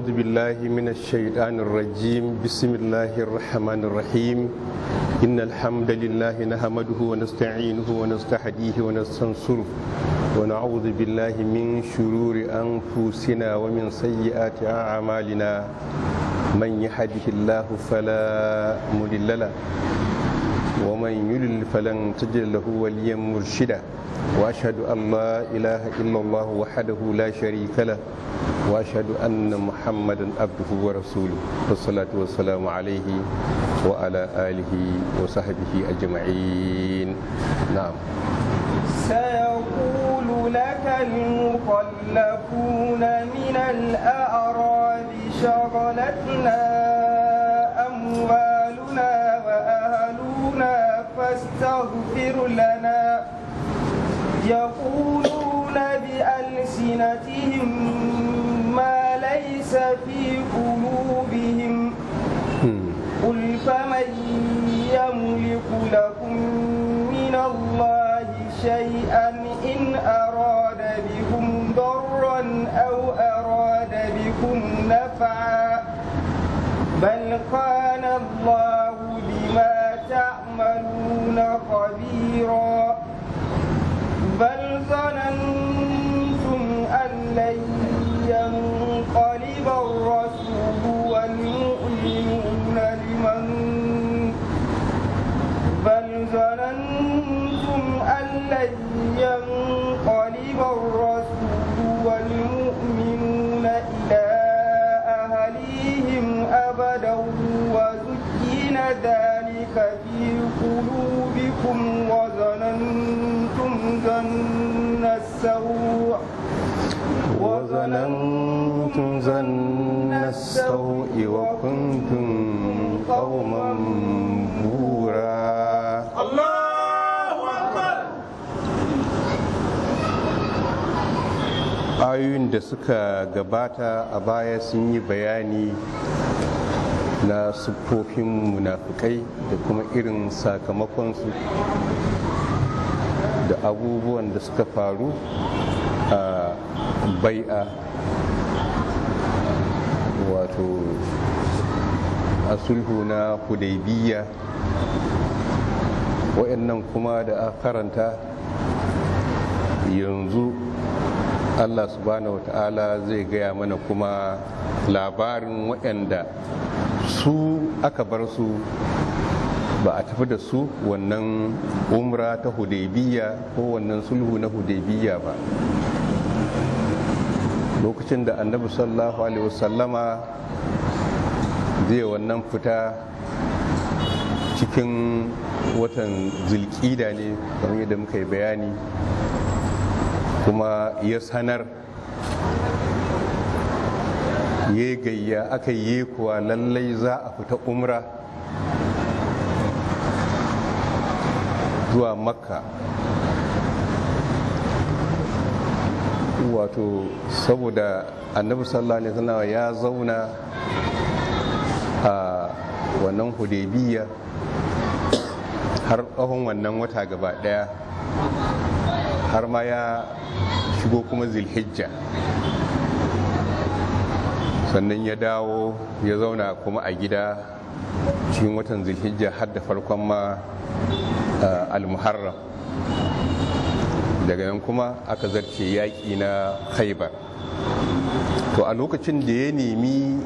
أعوذ بالله من الشيطان الرجيم بسم الله الرحمن الرحيم إن الحمد لله نحمده ونستعينه ونستهديه ونستنصره ونعوذ بالله من شرور أنفسنا ومن سيئات أعمالنا من يهده الله فلا مضل له ومن يلل فلن تجد له وليا مرشدا واشهد ان لا اله الا الله وحده لا شريك له واشهد ان محمدا عبده ورسوله والصلاه والسلام عليه وعلى اله وصحبه اجمعين نعم سيقول لك المخلفون من الاعراب شغلتنا اموالنا وأهلنا ربنا فاستغفر لنا يقولون بألسنتهم ما ليس في قلوبهم قل فمن يملك لكم من الله شيئا إن أراد بكم ضرا أو أراد بكم نفعا بل كان الله بما تعملون خبيرا بل ظننتم أن لن ينقلب الرسول والمؤمنون لمن بل ظننتم أن لن ينقلب الرسول والمؤمنون إلى أهليهم أبدا وزين ذلك في ظلمتم زن السوء وكنتم قوما بورا الله أكبر ayoyin da suka gabata a baya sun yi bayani na siffofin munafukai da kuma irin sakamakonsu da abubuwan da suka faru a bai'a wato a sulhu na hudaibiyya waɗannan kuma da a karanta yanzu allah subhanahu wata'ala zai gaya mana kuma labarin waɗanda su aka bar su ba a tafi da su wannan umra ta hudaibiyya ko wannan sulhu na hudaibiyya ba lokacin da annabi sallallahu alaihi wasallama zai wannan fita cikin watan zulkida ne kamar yadda muka yi bayani kuma ya sanar ya gayya aka yi kuwa lallai za a fita umra zuwa makka wato saboda annabi sallallahu alaihi ya zauna a wannan hudaybiya har tsawon wannan wata gaba daya har ma ya shigo kuma zilhijja sannan ya dawo ya zauna kuma a gida cikin watan zilhijja har da farkon ma al-muharram daga nan kuma aka zarce yaƙi na haibar to a lokacin da ya nemi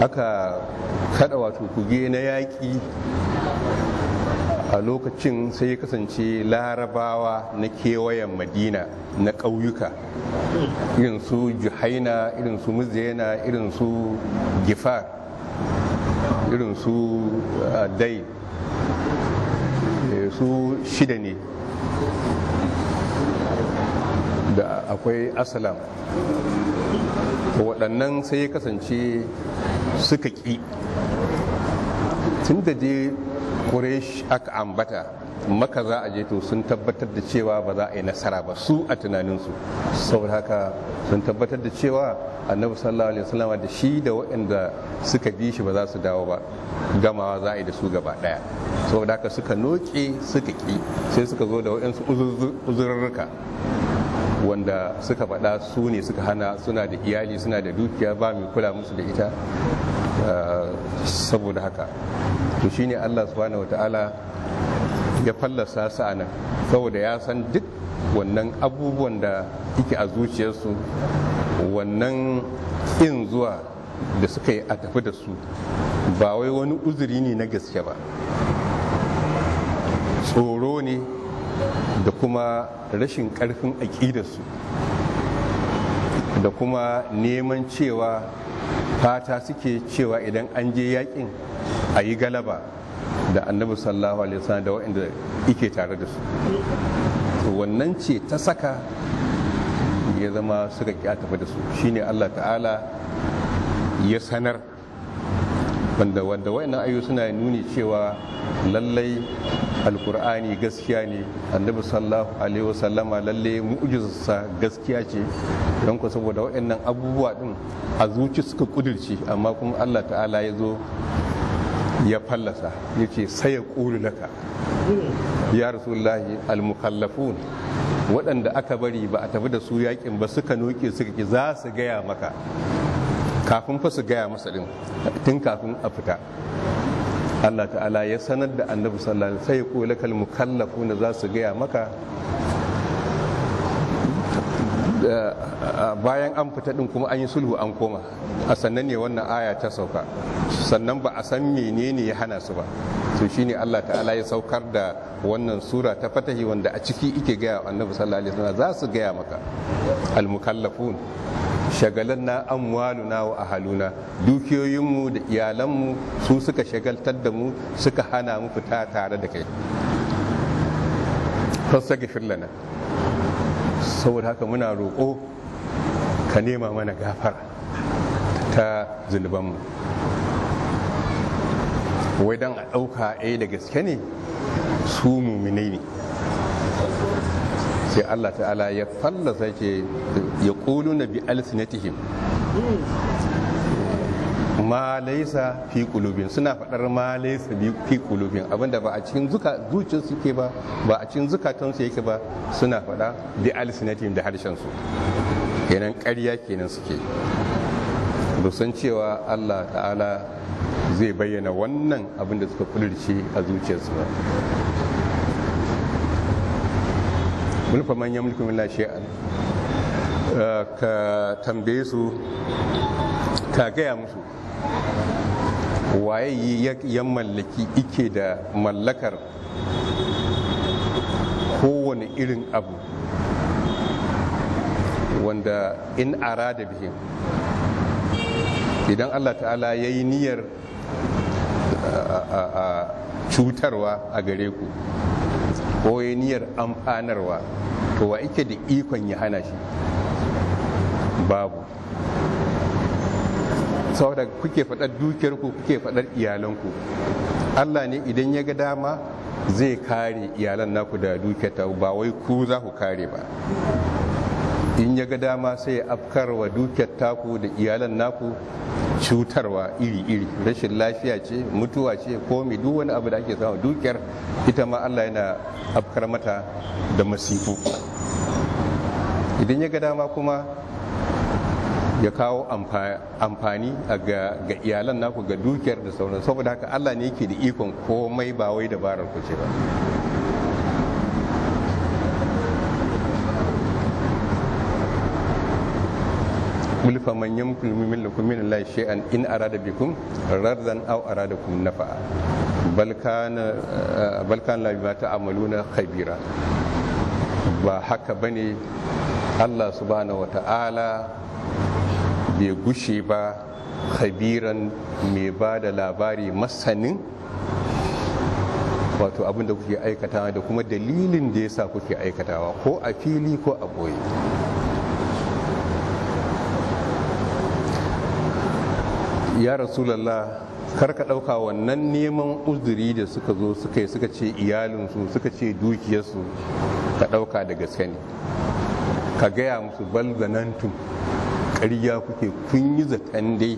aka kada wato kuge na yaƙi a lokacin sai ya kasance larabawa na kewayen madina na ƙauyuka irin su juhaina irin su muzaina irin su gifar irin su eh, dai eh, su shida ne da akwai asalam waɗannan sai ya kasance suka ƙi tun da je Quraysh aka ambata maka za a je to sun tabbatar da cewa ba za a yi nasara ba su a tunaninsu saboda haka sun tabbatar da cewa annabi sallallahu alaihi wasallama da shi da waɗanda suka bi shi ba za su dawo ba gamawa za a yi da su gaba ɗaya saboda haka suka noke suka ƙi sai suka zo da waɗansu uzurruka wanda suka faɗa su ne suka hana suna da iyali suna da dukiya ba mai kula musu da ita eh, saboda haka to shine Allah subhanahu ta'ala ya fallasa su a nan saboda ya san duk wannan abubuwan da yake a zuciyarsu wannan in zuwa da suka yi a tafi da su ba wai wani uzuri ne na gaske ba tsoro ne da kuma rashin ƙarfin aƙidarsu da kuma neman cewa fata suke cewa idan an je yakin a yi galaba da annabi sallallahu alaihi wasallam da waɗanda ike tare da su to wannan ce ta saka ya zama suka ƙi a tafi da su shine Allah ta'ala ya sanar wanda wanda wayannan ayu suna nuni cewa lallai alkur'ani gaskiya ne annabi sallallahu alaihi wasallama lallai mu'jizarsa gaskiya ce don ku saboda wayannan abubuwa din a zuci suka kudirci amma kuma Allah ta'ala ya zo ya fallasa yace ce sai ya ƙulu laka ya rasulullahi almukallafun waɗanda aka bari ba a tafi da su yakin ba suka noke suka ki za su gaya maka kafin fa su gaya masa din tun kafin a fita Allah ta'ala ya sanar da annabi sallallahu alaihi sai ya kula kal mukallafu na za su gaya maka bayan an fita din kuma an yi sulhu an koma a sannan ne wannan aya ta sauka sannan ba a san menene ya hana su ba to shine Allah ta'ala ya saukar da wannan sura ta fatahi wanda a ciki ike gaya annabi sallallahu alaihi wasallam za su gaya maka al mukallafun na shagalanna amwaluna wa ahaluna dukiyoyinmu da iyalanmu su suka shagaltar da mu suka hana mu fita tare da kai lana saboda haka muna roƙo ka nema mana gafara ta zulubanmu wai don a ɗauka a da gaske ne su muminai ne sai Allah ta'ala ya fallasa ke ya kulu na bi alsinatihim ma laisa fi kulubin suna faɗar ma laisa fi kulubin abinda ba a cikin zuciyar su ke ba ba a cikin zukatansu yake ba suna faɗa bi alsinatihim da harshen su kenan ƙarya kenan suke san cewa Allah ta'ala zai bayyana wannan abin da suka kulurce a zuciyarsu ba mulka man yamliku min shay'an eh, ka tambaye su ka gaya musu waye ya mallaki ike da mallakar kowane irin abu wanda in arada bihim idan allah ta'ala ya yi niyyar cutarwa a gare ku ko ya niyyar amfanarwa to wa ike da ikon ya hana shi babu saboda kuke faɗar dukiyarku kuke faɗar iyalanku allah ne idan ya ga dama zai kare iyalan naku da dukiyarta ba wai ku za ku kare ba in ya ga dama sai ya afkarwa dukiyar taku da iyalan naku cutarwa iri-iri rashin lafiya ce mutuwa ce komi duk wani abu da ake samu dukiyar ita ma allah yana afkar mata da masifu idan ya ga dama kuma ya kawo amfani ga iyalan naku ga dukiyar da sauran saboda haka allah ne yake da ikon komai ba wai dabarar ku ce ba mulka man yamkul minkum min Allah shay'an in arada bikum rarzan aw aradakum nafa'a bal kana eh, bal kana bima ta'maluna khabira ba haka bane Allah subhanahu ta'ala bai gushe ba khabiran mai ba da labari masanin wato abin da kuke aikatawa da kuma dalilin da ya sa kuke aikatawa ko a fili ko a boye ya rasulallah kar ka ɗauka wannan neman uzuri da suka zo suka yi suka ce iyalinsu suka ce dukiyarsu ka ɗauka da gaske ne ka gaya musu bal ƙarya kuke kun yi zaton dai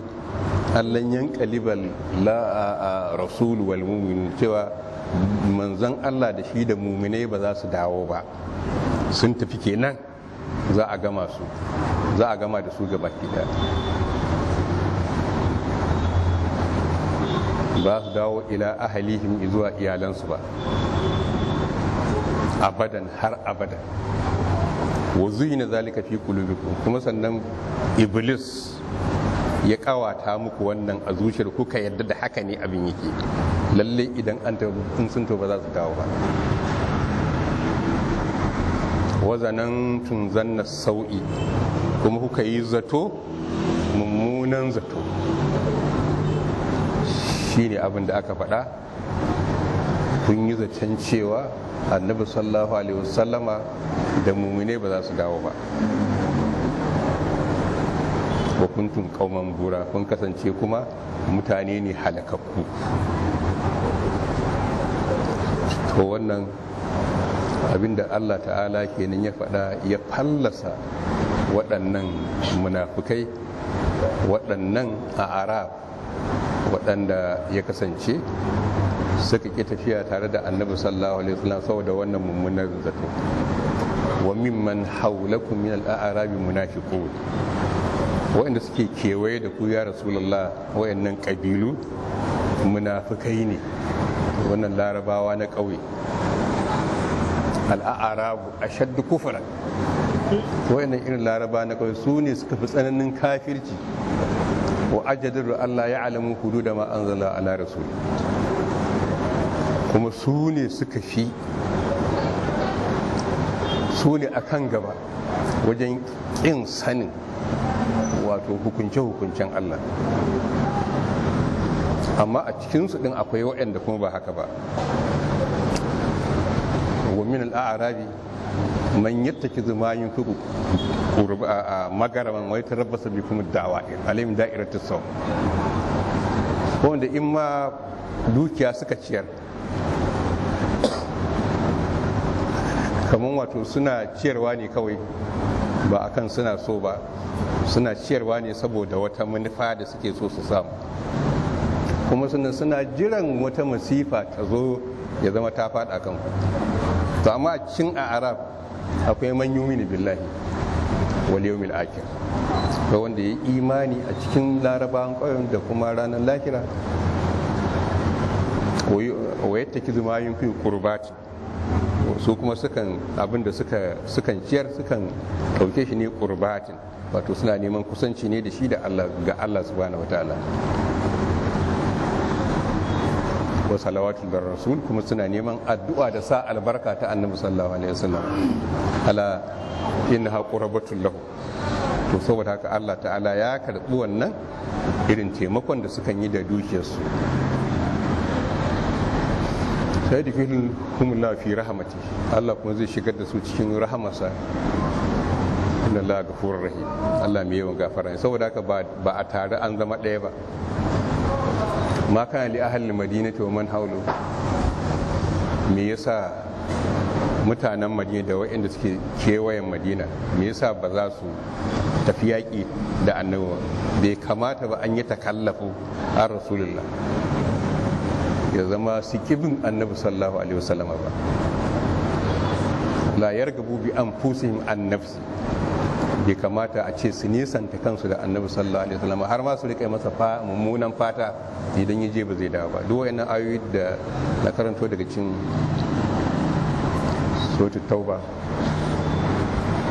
allon yan kalibal la a wal cewa manzon allah da shi da muminai ba za su dawo ba sun tafi kenan za a gama su za a gama da su gaba ki ba su dawo ila ahalihim zuwa iyalansu ba abadan har abadan wa zuyina zalika fi qulubikum kuma sannan iblis ya kawata muku wannan a zuciyar kuka yadda da haka ne abin yake lalle idan an in sun to ba za su dawo ba wazanan tun zanna sau'i kuma kuka yi zato mummunan zato shine abin da aka faɗa kun yi zaton cewa annabi sallallahu alaihi wasallama da mumine ba za su dawo ba kun tun kauman bura kun kasance kuma mutane ne halakakku to wannan abinda Allah ta'ala kenan ya faɗa ya fallasa waɗannan munafukai waɗannan a arab waɗanda ya kasance suka ƙi tafiya tare da annabi sallallahu alaihi wasallam saboda wannan mummunar zato wa mimman hawlakum min al-a'rabi munafiqun waɗanda suke kewaye da ku ya rasulullah waɗannan kabilu munafikai ne wannan larabawa na ƙauye al a ashaddu kufura wayannan irin laraba na ƙauye su ne suka fi tsananin kafirci wa ajadiru Allah ya alamu hudu da a ala rasul kuma su ne suka fi su ne a kan gaba wajen ƙin sanin wato hukunce-hukuncen Allah amma a cikinsu ɗin akwai waɗanda kuma ba haka ba wa min al'arabi man yattakizu ma yunfiqu a magaraman wai tarabbasa bikum da'wa alim ta saw wanda in ma dukiya suka ciyar kamar wato suna ciyarwa ne kawai ba akan suna so ba suna ciyarwa ne saboda wata manufa da suke so su samu kuma sannan suna jiran wata masifa ta zo ya zama ta faɗa kan to amma cin a arab akwai man yumini billahi wal yawmil akhir ko wanda ya imani a cikin larabawan ƙauyen da kuma ranar lahira wa yadda ki zuma yin fi kurbati su kuma sukan abinda sukan ciyar sukan ɗauke shi ne kurbatin wato suna neman kusanci ne da shi da Allah ga Allah subhanahu wataala wa salawatul bar rasul kuma suna neman addu'a da sa albarka ta annabi sallallahu alaihi wasallam ala innaha qurbatul lahu to saboda haka Allah ta'ala ya karbi wannan irin taimakon da sukan yi da dukiyarsu sai da filin kumulla fi rahamati Allah kuma zai shigar da su cikin rahamarsa inna Allah gafurur rahim Allah mai yawan gafara saboda haka ba a tare an zama ɗaya ba ma kana li ahli madinati man haulu me yasa mutanen madina da waɗanda suke kewayen madina me yasa ba za su tafi yaƙi da annabi bai kamata ba an yi takallafu an rasulullah ya zama su kibin annabi sallahu alaihi wasallama ba la yargabu bi an an nafsi bai kamata a ce su nisanta kansu da annabi sallallahu alaihi wasallam har ma su rika masa fa mummunan fata idan yaje ba zai dawo ba duk wannan ayoyi da na karanto daga cikin suratul tauba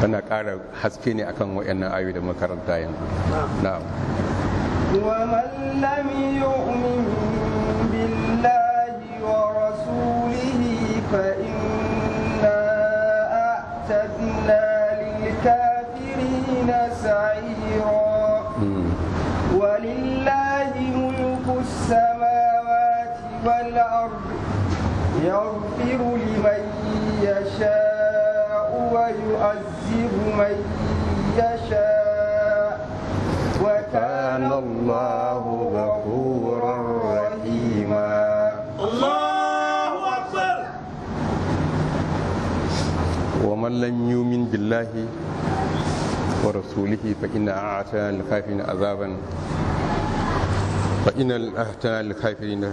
tana ƙara haske ne akan wayannan ayoyi da makaranta yanzu na'am ومن لم يؤمن بالله ورسوله فإن الْمُحْسِنِينَ سَعِيرًا وَلِلَّهِ مُلْكُ السَّمَاوَاتِ وَالْأَرْضِ يَغْفِرُ لِمَن يَشَاءُ وَيُعَذِّبُ مَن يَشَاءُ وَكَانَ اللَّهُ غَفُورًا رَّحِيمًا الله أكبر ومن لم يؤمن بالله ورسوله فإن أعتنا للكافرين عذابا فإن أعتنا للكافرين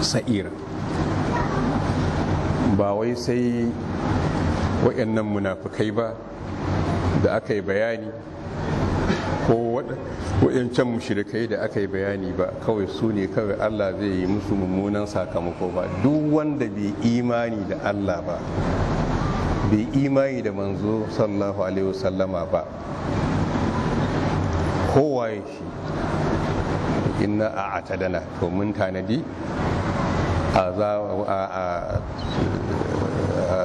سئيرا ba wai sai waɗannan munafukai ba da aka yi bayani ko waɗancan mushrikai da aka yi bayani ba kawai su ne kawai Allah zai yi musu mummunan sakamako ba duk wanda bai imani da Allah ba bai imani da manzo sallallahu alaihi wasallama ba kowaye shi inna a atadana to mun tanadi a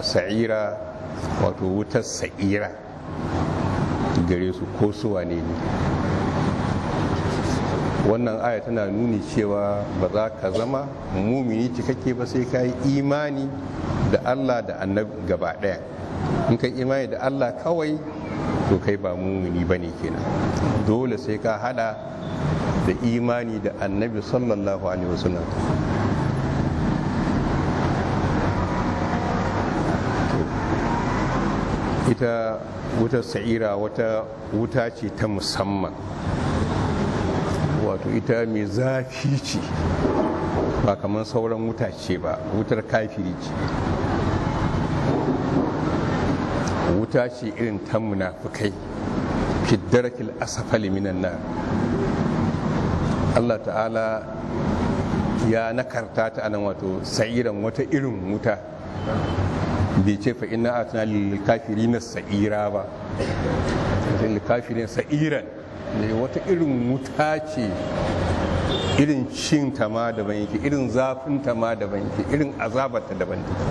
sa'ira wato wutar sa'ira gare su ko suwa ne ne wannan aya tana nuni cewa ba za ka zama mumini cikakke ba sai ka yi imani da allah da annabi gaba ɗaya in ka imani da allah kawai to kai ba mumini ba ne kenan dole sai ka hada da imani da annabi sallallahu alaihi wasallam ita wutar sa'ira wata wuta ce ta musamman wato ita mai zafi ce ba kamar sauran wuta ce ba wutar kafiri ce wuta ce irin ta munafukai fiddarakil asafali minan nan Allah ta'ala ya nakarta ta anan wato sa'iran wata irin wuta bai ce fa a atina kafiri na sa'ira ba kafirin sa'iran wata irin wuta ce irin cin ta ma daban yake irin zafin ta ma daban yake irin azabar ta daban take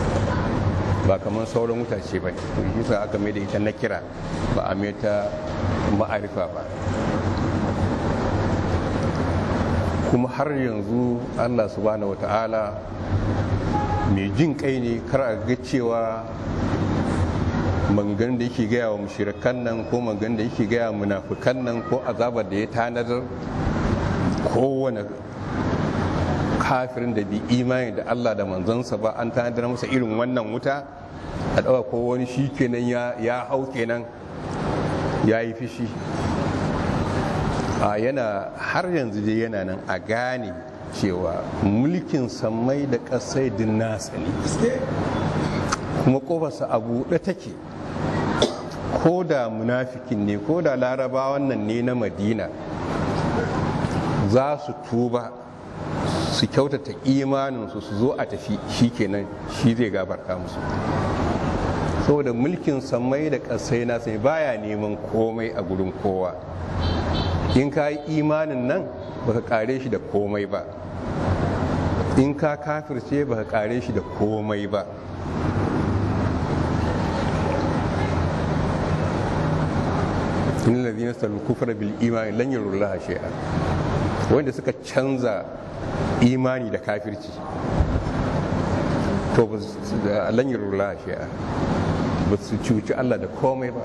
ba kamar sauran wuta ce ba ne shi aka mai da ita na kira ba a mai ta ma'arifa ba kuma har yanzu allah subhanahu ta'ala, mai jin kai ne kar a ga cewa maganganun da yake gaya wa mushirikan nan ko maganganun da yake gaya wa munafukan nan ko azabar da ya tanadar kowane kafirin da bi imani da Allah da manzansa ba an tanadar masa irin wannan wuta a ɗaga ko wani shi kenan ya hau kenan ya yi fishi a yana har yanzu dai yana nan a gane cewa mulkin samai da ƙasai din nasa ne kuma ƙofarsa a buɗe take ko da munafikin ne ko da larabawan nan ne na madina za su tuba su kyautata imaninsu su zo a tafi shi nan shi zai gabarta musu saboda mulkin samai da ƙasai na sai baya neman komai a gurin kowa in ka yi imanin nan baka kare shi da komai ba in ka kafirce baka kare shi da komai ba innal ladina salu kufra bil imani lan yarullaha shay'a wanda suka canza imani da kafirci to lan yarullaha shay'a ba su cuci Allah da komai ba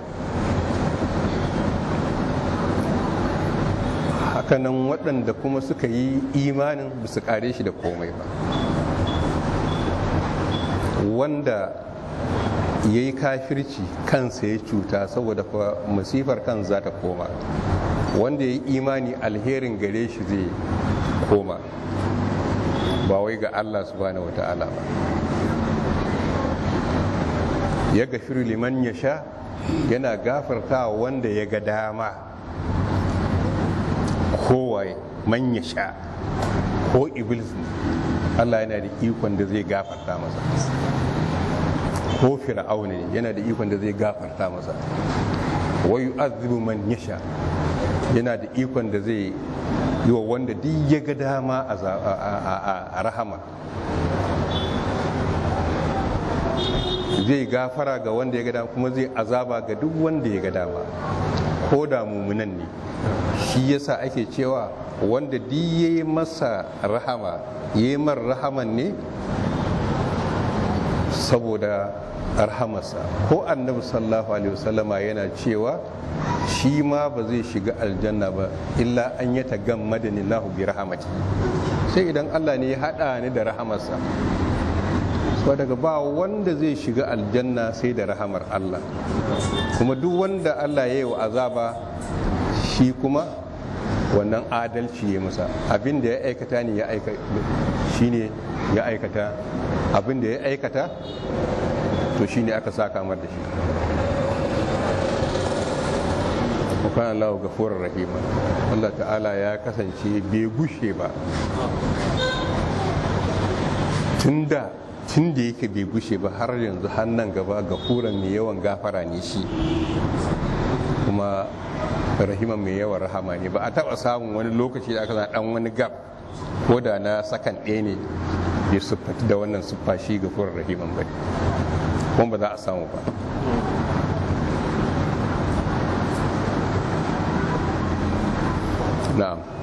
hakanan waɗanda kuma suka yi imanin ba su kare shi da komai ba wanda ya yi kafirci kansa ya cuta saboda kuwa masifar kan za ta koma wanda ya yi imani alherin gare shi zai koma ba wai ga allah subhanahu wa ta'ala ba ya gafiru liman ya sha yana gafarta wanda ya ga dama kowai man ya sha ko iblis allah yana da ikon da zai gafarta masa ko fir'auna ne yana da ikon da zai gafarta masa wa yu'adhibu man yasha yana da ikon da zai yi wa wanda duk ya ga dama a rahama zai gafara ga wanda ya ga dama kuma zai azaba ga duk wanda ya ga dama ko da mumunan ne shi yasa ake cewa wanda duk ya yi masa rahama ya yi man rahaman ne saboda arhamarsa ko annabi sallallahu alaihi wasallama yana cewa shi ma ba zai shiga aljanna ba illa an yata tagammada ni lahu bi rahamati sai idan Allah ne ya haɗa ni da rahamarsa ba daga ba wanda zai shiga aljanna sai da rahamar Allah kuma duk wanda Allah ya yi wa azaba shi kuma wannan adalci ya masa abin da ya aikata ne ya ya aikata abin da ya aikata to shi ne aka sa mar da shi wakan Allah furar rahima Allah ta'ala ya kasance bai gushe ba tunda tun da yake bai gushe ba har yanzu hannun gaba gafuran mai yawan gafara ne shi kuma rahima mai yawan rahama ne ba a taba samun wani lokaci da aka dan wani gab ko da na sakan ɗaya ne da wannan siffa shi gafurar rahiman bai kuma ba za a samu ba na'am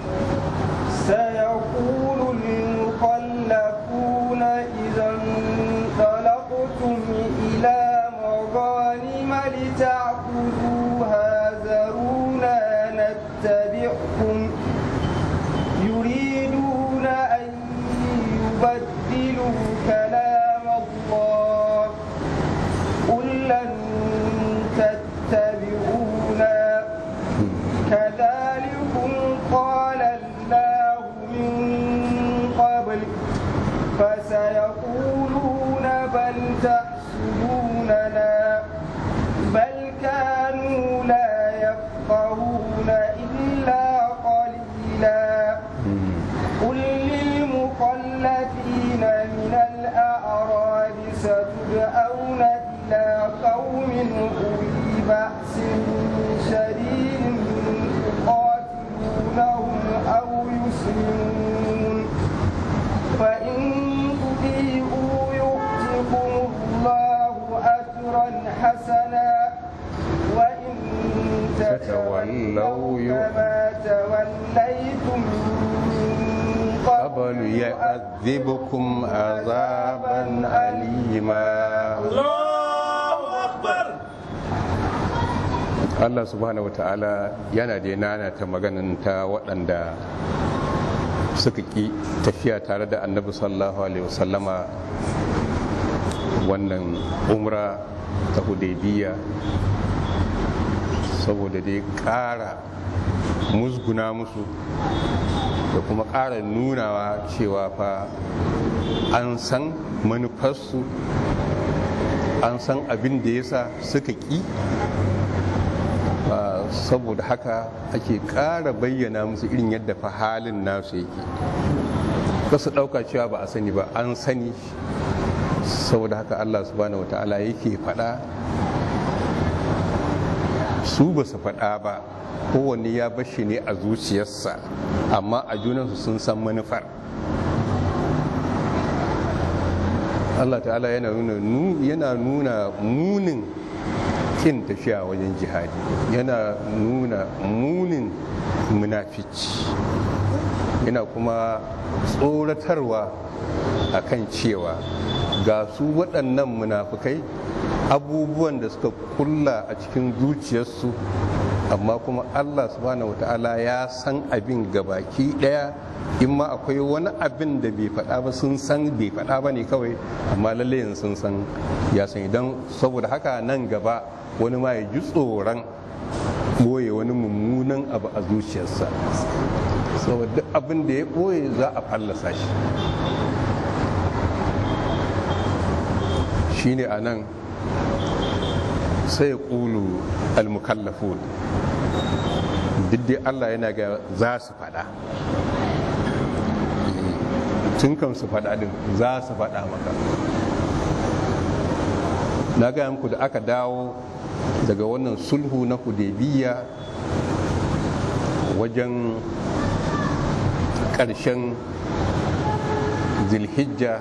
تولوا كما توليتم قبل يعذبكم عذابا أليما الله أكبر Allah subhanahu wata'ala yana da nana ta maganinta waɗanda suka ƙi tafiya tare da annabi sallallahu alaihi wasallama wannan umra ta hudaybiya saboda dai ƙara musguna musu da kuma ƙara nunawa cewa fa an san manufarsu an san abin da ya sa suka ƙi ah, saboda haka ake ƙara bayyana musu irin yadda fa halin nasu yake ba su ɗauka cewa ba a sani ba an sani saboda haka allah subhanahu wa ta'ala yake faɗa su ba su faɗa ba kowanne ya bashi ne a zuciyarsa amma a junansu sun san manufar Allah ta'ala yana nuna yana nuna munin kin tafiya wajen jihadi yana nuna munin munafici yana kuma tsoratarwa akan cewa ga su waɗannan munafukai abubuwan da suka kulla a cikin zuciyarsu amma kuma allah subhanahu wata'ala ya san abin gabaki daya in ma akwai wani abin da bai faɗa ba sun san bai faɗa ba ne kawai amma lallai sun san ya san idan saboda haka nan gaba wani ma ya ji tsoron ɓoye wani mummunan abu a zuciyarsa saboda abin da ya boye za a fallasa shi shine a nan sai ya ƙulu almukallafu diddi allah yana ga za su faɗa eh, tun kan su faɗa din za su faɗa maka na gaya muku da aka dawo daga wannan sulhu na kudebiya wajen ƙarshen zilhijja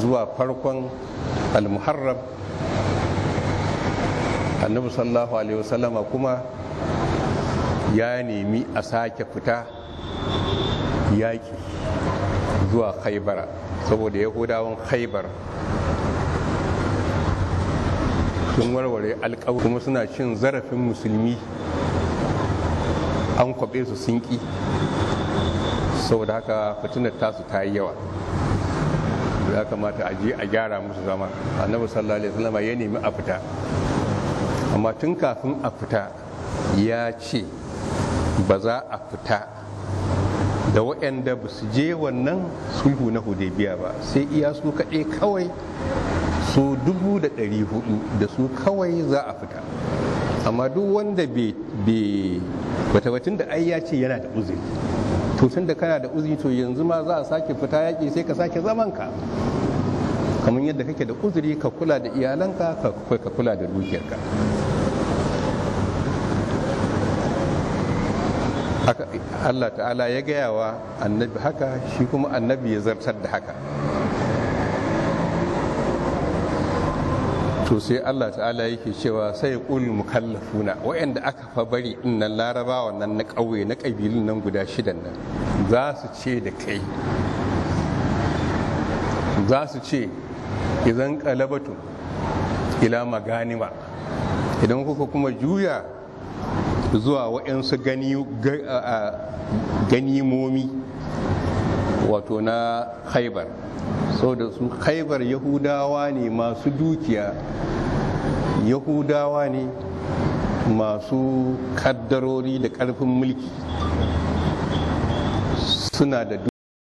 zuwa farkon almuharrab annabi sallallahu alaihi wasallama kuma ya nemi a sake fita yaƙi zuwa khaibara saboda yahudawan khaibar sun warware alƙawar kuma suna cin zarafin musulmi an kwabe su sun ƙi saboda haka fitinar tasu ta yi yawa ya kamata a je a gyara musu zama annabi sallallahu alaihi wasallama ya nemi a fita amma tun kafin a fita ya ce ba za a fita da waɗanda ba su je wannan sulhu na hudaybiya ba sai iya su kaɗai kawai su dubu da ɗari hudu da su kawai za a fita amma duk wanda bai batawacin da ai ya ce yana da uzuri to tun da kana da uzuri to yanzu ma za a sake fita yaƙi sai ka sake ka, kamar yadda kake da uzuri ka kula da iyalanka ka kula da dukiyarka Allah ta'ala ya gaya wa annabi haka shi kuma annabi ya zartar da haka to sai Allah ta'ala yake cewa sai kul mukallafuna waɗanda aka fa bari nan larabawa nan na ƙauye na ƙabilun nan guda shidan nan za su ce da kai za su ce idan ƙalabatun ila maganima idan kuka kuma juya zuwa waɗansu ganimomi wato na haibar saboda su haibar yahudawa ne masu dukiya yahudawa ne masu kaddarori da ƙarfin mulki suna da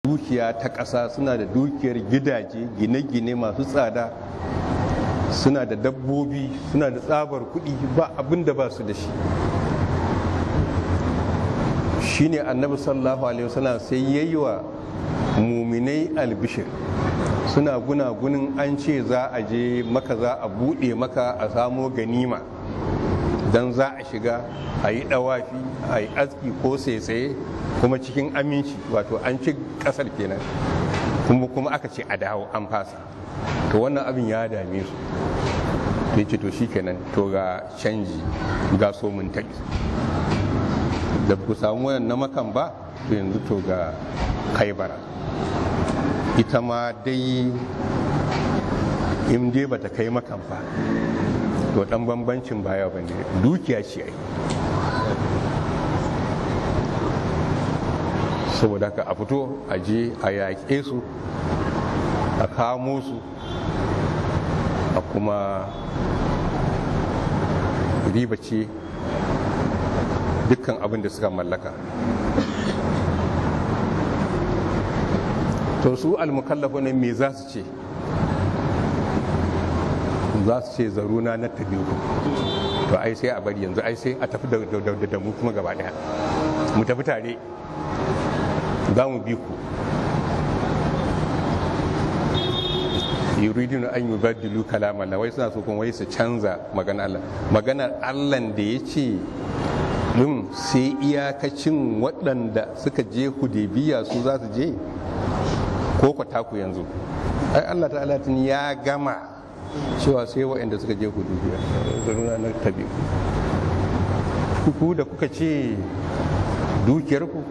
dukiya ta ƙasa suna da dukiyar gidaje gine-gine masu tsada suna da dabbobi suna da tsabar kuɗi ba abinda da ba su da shi shine annabi sallallahu alaihi wasallam sai yayi wa muminai albishir suna gunagunin an ce za a je maka za a buɗe maka a samo ganima don za a shiga a yi ɗawafi a yi aski ko tsaye kuma cikin aminci wato an ci ƙasar kenan kuma kuma aka ce a dawo an fasa to wannan abin ya dame su ya ce to shi kenan to ga canji ga so mun taɓi. da ku samu wayan na makan ba to yanzu to ga kaibara ita ma dai in dai bata kai makan ba to dan bambancin baya ba ne dukiya ce ai saboda ka a fito a je a yaƙe su a kamo su a kuma riba ce dukkan abin da suka mallaka to su almukallafu ne me za su ce za su ce zaruna na tabiru to ai sai a bari yanzu ai sai a tafi da mu kuma gaba daya mu tafi tare za mu bi ku yuridinu an yi badilu kalamala wai suna so kuma wai su canza magana Allah maganar Allah da ya ce din sai iyakacin waɗanda suka je hudebiya su za su je ko kwataku yanzu ai Allah ta'ala tun ya gama cewa sai waɗanda suka je hudebiya zaruna na tabi kuku da kuka ce dukiyarku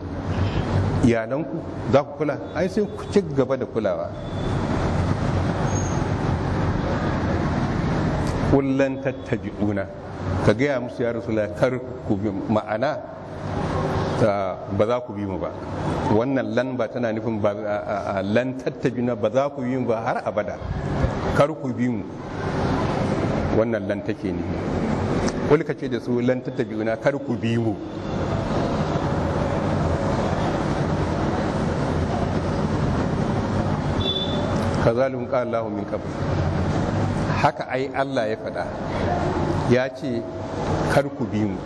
iyalanku za ku kula ai sai ku ci gaba da kulawa kullan tattabi'una ka gaya musu ya rasulullah kar ku bi ma'ana ba za ku bi mu ba wannan lan ba tana nufin ba lan tattabina ba za ku bi mu ba har abada kar ku bi mu wannan lan take ne wani ka ce da su lan tattabina, kar ku bi mu ka qala ƙa'allahu min qabl haka ai Allah ya faɗa ya ce kar ku bi mu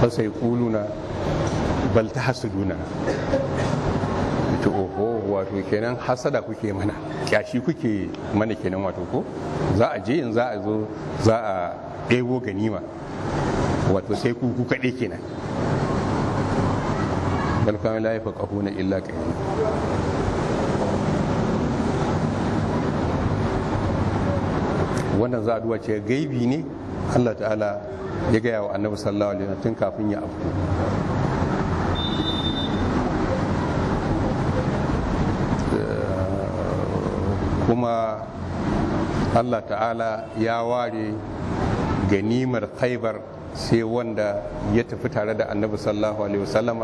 fasai kuluna bal ta hasuduna ce oho wato kenan hasada kuke mana kyashi kuke mana kenan wato ko za a je in za a zo za a ɗebo ganima wato sai ku ku kaɗe kenan bal kawai la yafa ƙahuna illa ƙahuna wannan zaduwa ce gaibi ne Allah ta'ala ya gaya wa annabi sallallahu alaihi wasallam tun kafin ya afku kuma Allah ta'ala ya ware ganimar khaibar sai wanda ya tafi tare da annabi sallallahu alaihi wasallam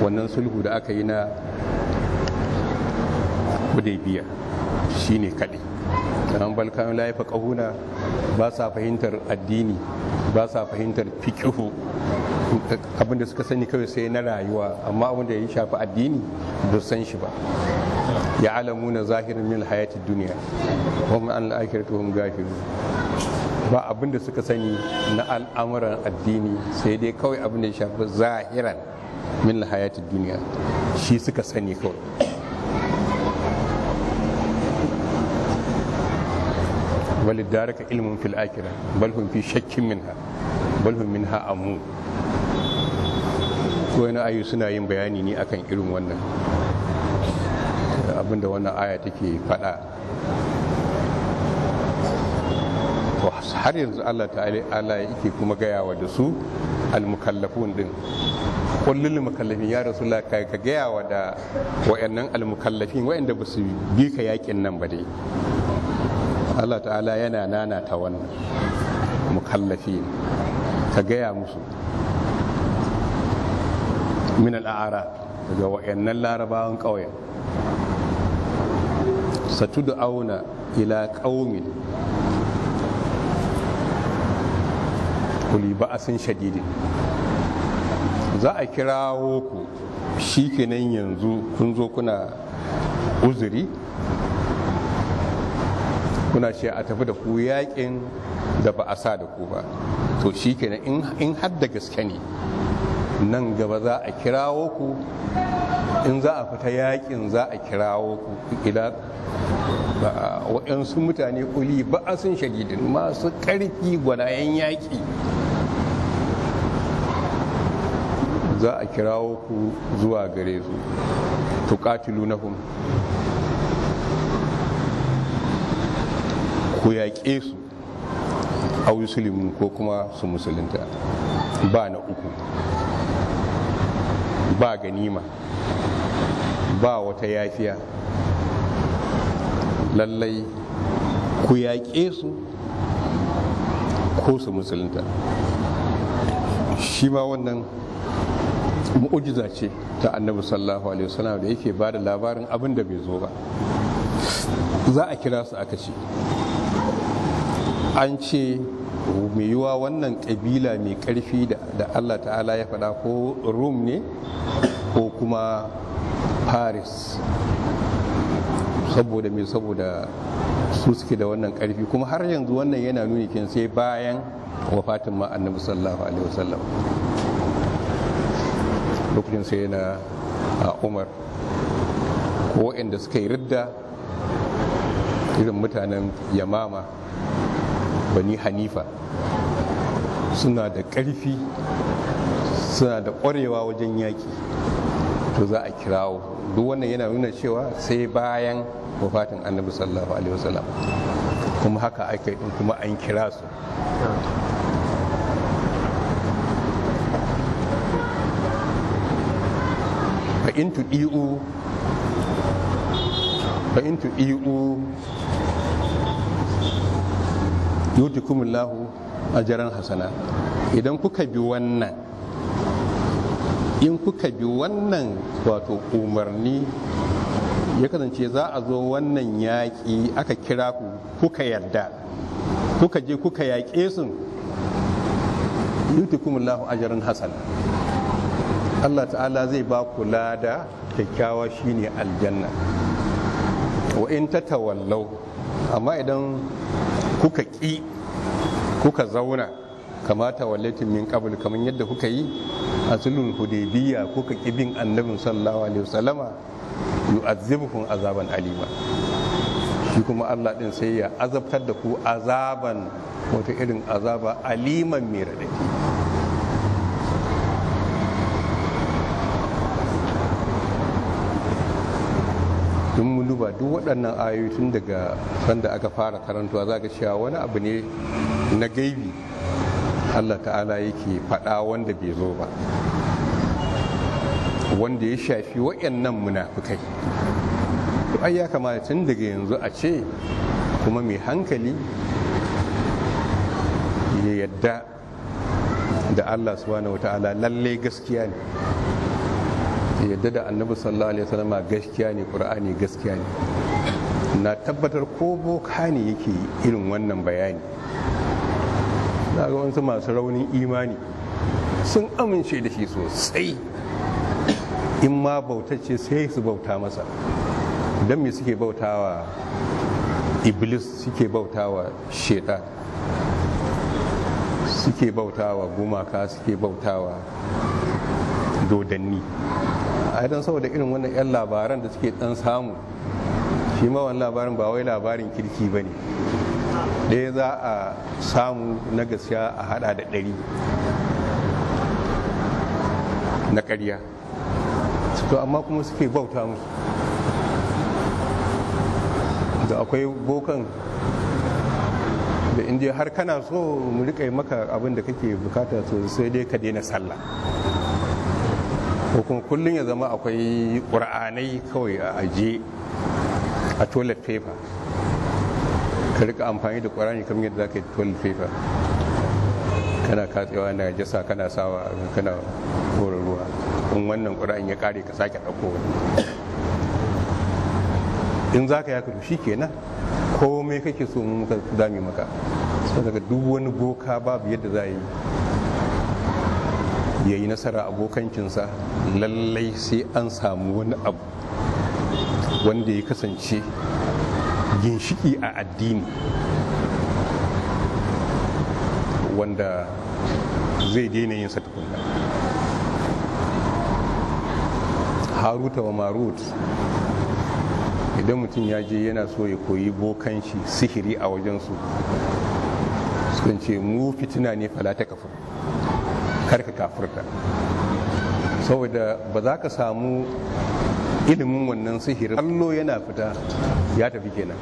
wannan sulhu da aka yi na hudaybiya shine kadai an balkan la yafqahuna ba sa fahimtar addini ba sa fahimtar fiqhu abin da suka sani kawai sai na rayuwa amma abin da ya shafi addini ba san shi ba ya alamuna zahirin min hayati duniya wa min an al'akiratu hum gafilun ba abin da suka sani na al'amuran addini sai dai kawai abin da ya shafi zahiran min hayati duniya shi suka sani kawai bal daraka ilmun fil akhirah bal hum fi shakkin minha bal hum minha amu ko na ayu suna yin bayani ne akan irin wannan abinda wannan aya take faɗa har yanzu Allah ta'ala yake kuma gayawa da su almukallafun din kullul mukallafin ya rasulullah ka gayawa da wayannan almukallafin wayanda ba su bi ka yakin nan ba dai Allah ta'ala yana ta wannan mukallafi ka gaya musu min al'ara daga wa'annan larabawan ƙauyen da auna ila ƙaumin kuli ba'asin shadidin za a kirawo ku shikenan yanzu kun zo kuna uzuri kuna ce a tafi da ku yakin da ba a sa da ku ba to shi kenan in har da gaske ne nan gaba za a kirawo ku in za a fita yakin za a kirawo ku ila waɗansu mutane kuli ba a sun shagidin masu ƙarfi gwanayen yaƙi za a kirawo ku zuwa gare su tuƙatilu na ku yaƙe su a yusulimu ko kuma su musulunta ba na uku ba ganima ba wata yafiya lallai ku yaƙe su ko su musulunta shi ma wannan mu'ujiza ce ta annabi sallallahu alaihi wasallam da yake ba da labarin abin da bai zo ba za a kira su aka ce an ce mai yiwa wannan ƙabila mai ƙarfi da allah ta'ala ya faɗa ko rum ne ko kuma paris saboda mai saboda su suke da wannan ƙarfi kuma har yanzu wannan yana nuni kin sai bayan wafatin ma annabi sallallahu alaihi wasallam lokacin sai yana a umar ko waɗanda suka yi ridda irin mutanen yamama bani hanifa suna da ƙarfi suna da ƙwarewa wajen yaƙi to za a kirawo duk wannan yana nuna cewa sai bayan wafatin annabi sallallahu alaihi wasallam kuma haka aka yi kuma an kira su fa in tu'i'u yutikumullahu jaran hasana idan kuka bi wannan in kuka bi wannan wato umarni ya kasance za a zo wannan yaƙi aka kira ku kuka yarda kuka je kuka yaƙe su yutikumullahu jaran hasana Allah ta'ala zai ba ku lada kyakkyawa shine aljanna wa in ta tawallau amma idan kuka ƙi kuka zauna kamata wallatin min qabl kamar yadda kuka yi a sulhun hudaybiya kuka ƙi bin annabin sallallahu alaihi wasallama yu'azzibukum azaban alima shi kuma Allah din sai ya azabtar da ku azaban wata irin azaba aliman mai radadi duba duk waɗannan ayoyi tun daga sanda aka fara karantuwa za ka cewa wani abu ne na gaibi Allah ta'ala yake faɗa wanda bai zo ba wanda ya shafi waɗannan munafukai ai ya kamata tun daga yanzu a ce kuma mai hankali ya yadda da Allah subhanahu wa ta'ala lalle gaskiya ne yadda da annabi sallallahu alaihi wasallam gaskiya ne qur'ani gaskiya ne na tabbatar ko boka ne yake irin wannan bayani za ga wasu masu raunin imani sun amince da shi sosai in ma bautacce sai su bauta masa don me suke bautawa iblis suke bautawa sheda suke bautawa gumaka suke bautawa dodanni ai saboda irin wannan yan labaran da suke dan samu shi ma wani labarin ba wai labarin kirki ba bane ɗaya za a samu na gaskiya a hada da ɗari na ƙarya to amma kuma suke bauta musu da akwai bokan da indiya har kana so mu riƙa maka abin da kake bukata to sai dai ka daina sallah Hukun kullum ya zama akwai ƙur'anai kawai a ajiye a toilet paper ka rika amfani da ƙur'ani kamar yadda za ka yi toilet paper kana katsewa na jasa kana sawa kana kore ruwa in wannan ƙur'an ya ƙare ka sake ɗauko wani in za ka yaka to shi kenan komai kake so mu muka zami maka daga dubu wani boka babu yadda za a yi ya yi nasara abokankinsa lallai sai an samu wani abu wanda ya kasance ginshiki a addini wanda zai daina yin tukunna haruta wa marut idan mutum ya je yana so ya koyi bokanci sihiri a wajensu sukan ce mu fitina ne falata ta karka kafurta saboda ba za ka samu ilimin wannan sihirin allo yana fita ya tafi kenan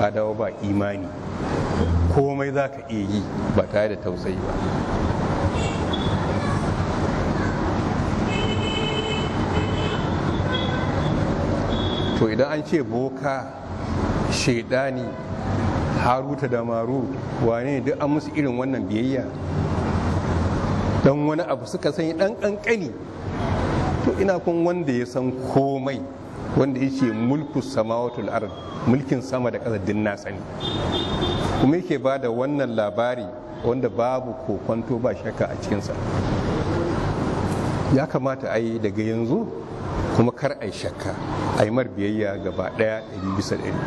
ka dawo ba imani komai za ka iya yi ba tare da tausayi ba to idan an ce boka shaidani haruta da maru wane duk an musu irin wannan biyayya don wani abu suka sanya dan kankani to ina kun wanda ya san komai wanda yake mulku samawatul ard mulkin sama da ƙasa din na sani kuma yake ba da wannan labari wanda babu ko kwanto ba shakka a cikinsa ya kamata a yi daga yanzu kuma kar a yi shakka a yi biyayya gaba ɗaya ɗari bisa ɗari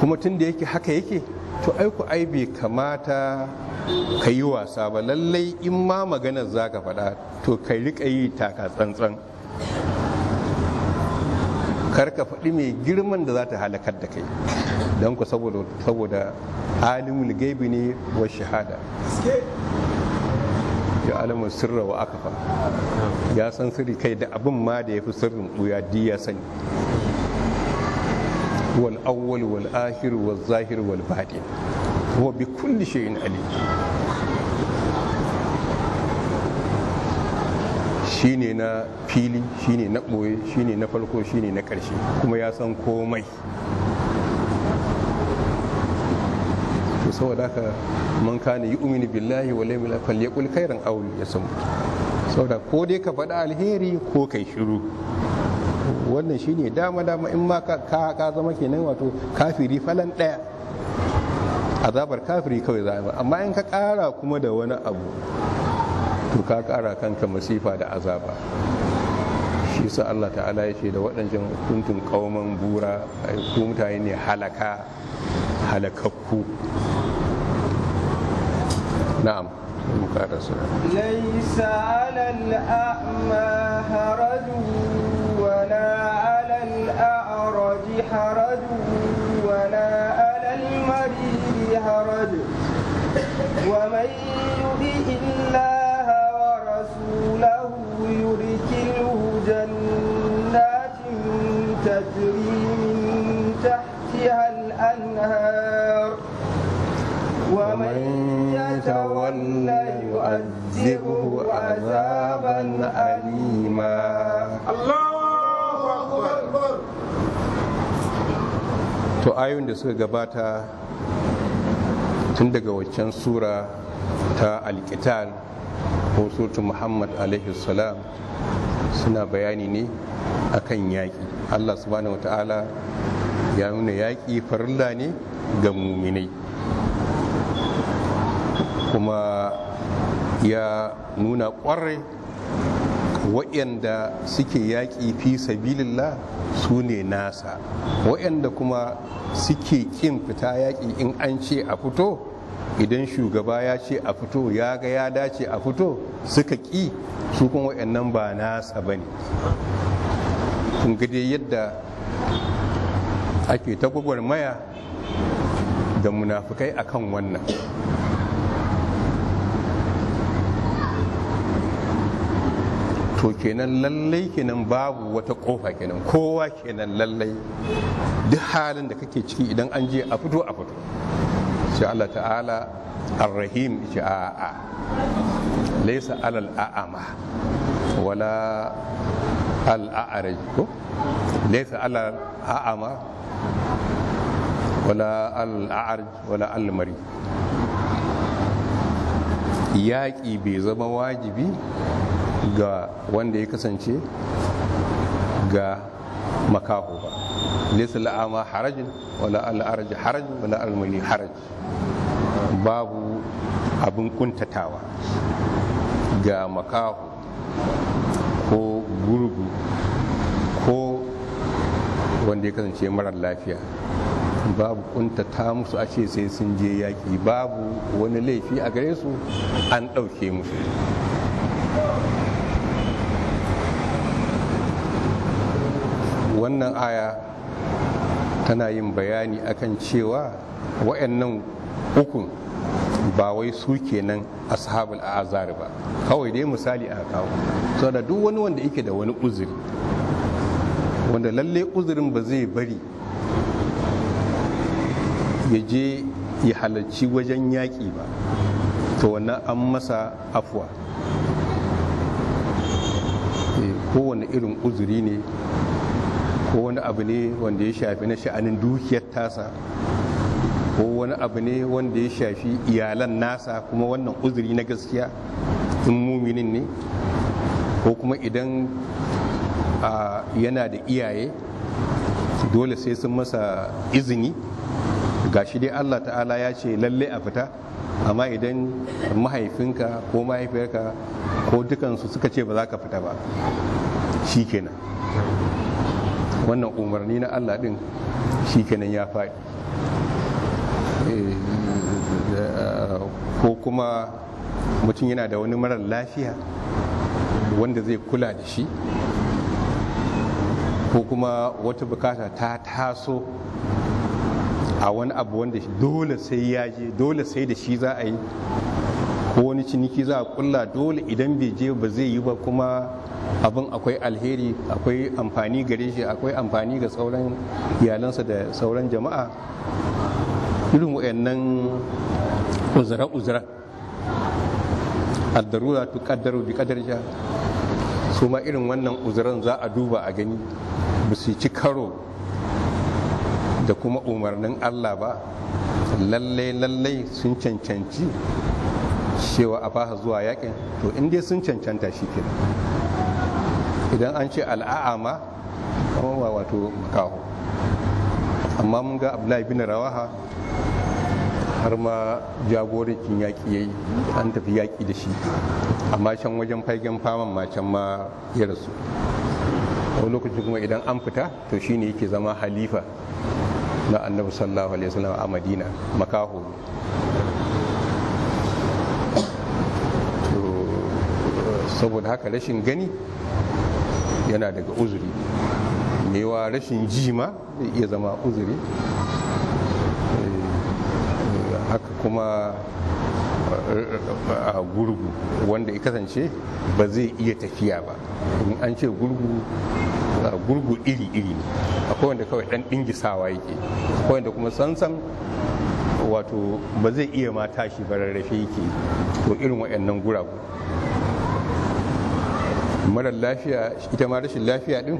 kuma tun da yake haka yake to aiku ai bai kamata ka yi wasa ba lallai in ma maganar za ka faɗa to ka riƙa yi taka tsantsan kar ka faɗi mai girman da za ta halakar da kai don ku saboda alimul gaibi ne wa shahada ya alamun sirra wa aka fa ya san sirri kai da abin ma da ya fi sirrin ɓuya di ya sani wal awwal wal walbaɗi huwa bi kulli shay'in alim shine na fili shine na ɓoye shine na farko shine na ƙarshe kuma ya san komai to saboda haka man kana yu'minu billahi wal yawmil akhir yaqul khairan aw liyasmut saboda ko dai ka faɗa alheri ko kai shiru wannan shine dama dama in ma ka ka zama kenan wato kafiri falan ɗaya azabar kafiri kawai za a amma in ka ƙara kuma da wani abu to ka ƙara kanka masifa da azaba shi sa Allah ta'ala ya ce da waɗancan kuntun ƙauman bura ko mutane ne halaka halakakku na'am ليس على الأعمى a'ma ولا على الأعرج a'raji حرج ومن يطع الله ورسوله يدخله جنات تجري من تحتها الأنهار ومن يتولى يؤذبه عذابا أليما الله أكبر to ayoyin da suka gabata tun daga waccan sura ta alkital ko sotu muhammad alaihi salam suna bayani ne a kan yaƙi allah subhanahu wata'ala ya nuna yaƙi farilla ne ga muminai kuma ya nuna ƙwarai waɗanda suke yaƙi fi sabilillah su ne nasa waɗanda kuma suke ƙin fita yaƙi in an ce a fito idan shugaba ya ce a fito ya ga ya dace a fito suka ƙi su kuma waɗannan ba nasa ba ne kun gade yadda ake ta maya, da munafukai akan wannan to kenan lallai kenan babu wata kofa kenan kowa kenan lallai duk halin da kake ciki idan an je a fito a fito Shi Allah ta'ala ar-rahim ce a'a laisa alal a'ama wala a'raj ko laisa alal a'ama wala a'raj wala mari yaƙi bai zama wajibi ga wanda ya kasance ga makaho ba laysa la'ama harajin wala al'arji harajin wala almuni haraj babu abin kuntatawa ga makaho ko gurgu ko wanda ya kasance marar lafiya babu kuntata musu a ce sai sun je yaƙi babu wani laifi a gare su an ɗauke musu wannan aya tana yin bayani akan cewa wa'annan ukun ba wai su kenan ashabul azar ba kawai dai misali a kawo da duk wani wanda yake da wani uzuri wanda lalle uzurin ba zai bari ya je ya halarci wajen yaƙi ba to wannan an masa afuwa eh, kowane irin uzuri ne ko wani abu ne wanda ya shafi na sha'anin dukiyar tasa ko wani abu ne wanda ya shafi iyalan nasa kuma wannan uzuri na gaskiya in muminin ne ko kuma idan yana da iyaye dole sai sun masa izini gashi dai allah ta'ala ya ce lalle a fita amma idan mahaifinka ko mahaifiyarka ko dukansu suka ce ba za ka fita ba shi kenan wannan umarni na allah din shi kenan ya faɗi eh, ko kuma mutum yana da wani marar lafiya wanda zai kula da shi ko kuma wata bukata ta taso a wani abu wanda dole sai ya je dole sai da shi za a yi ko wani ciniki za a kulla dole idan bai je ba zai yi ba kuma abin akwai alheri akwai amfani gare shi akwai amfani ga sauran iyalansa da sauran jama'a irin wayannan uzura-uzura addarura tu kaddaru bi ja su ma irin wannan uzuran za a duba a gani ba su ci karo da kuma umarnin Allah ba lallai lallai sun cancanci cewa a fasa zuwa yakin to in dai sun cancanta shi kenan idan an ce al'a'ama kamar wato makaho amma mun ga abdullahi bin rawaha har ma jagorancin yaƙi ya yi an tafi yaƙi da shi amma shan wajen fagen faman ma can ma ya rasu wani lokaci kuma idan an fita to shi ne yake zama halifa na annabi sallallahu alaihi wasallam a madina makaho saboda haka rashin gani yana daga uzuri mewa rashin ji ma zai iya zama uzuri eh, haka kuma eh, a gurgu wanda ya kasance ba zai iya tafiya ba in an ce gurgu gurgu iri-iri ne akwai wanda kawai dan dingisawa yake akwai wanda kuma sansan wato ba zai iya ma tashi bararrafe yake to irin waɗannan guragu marar lafiya ita ma rashin lafiya din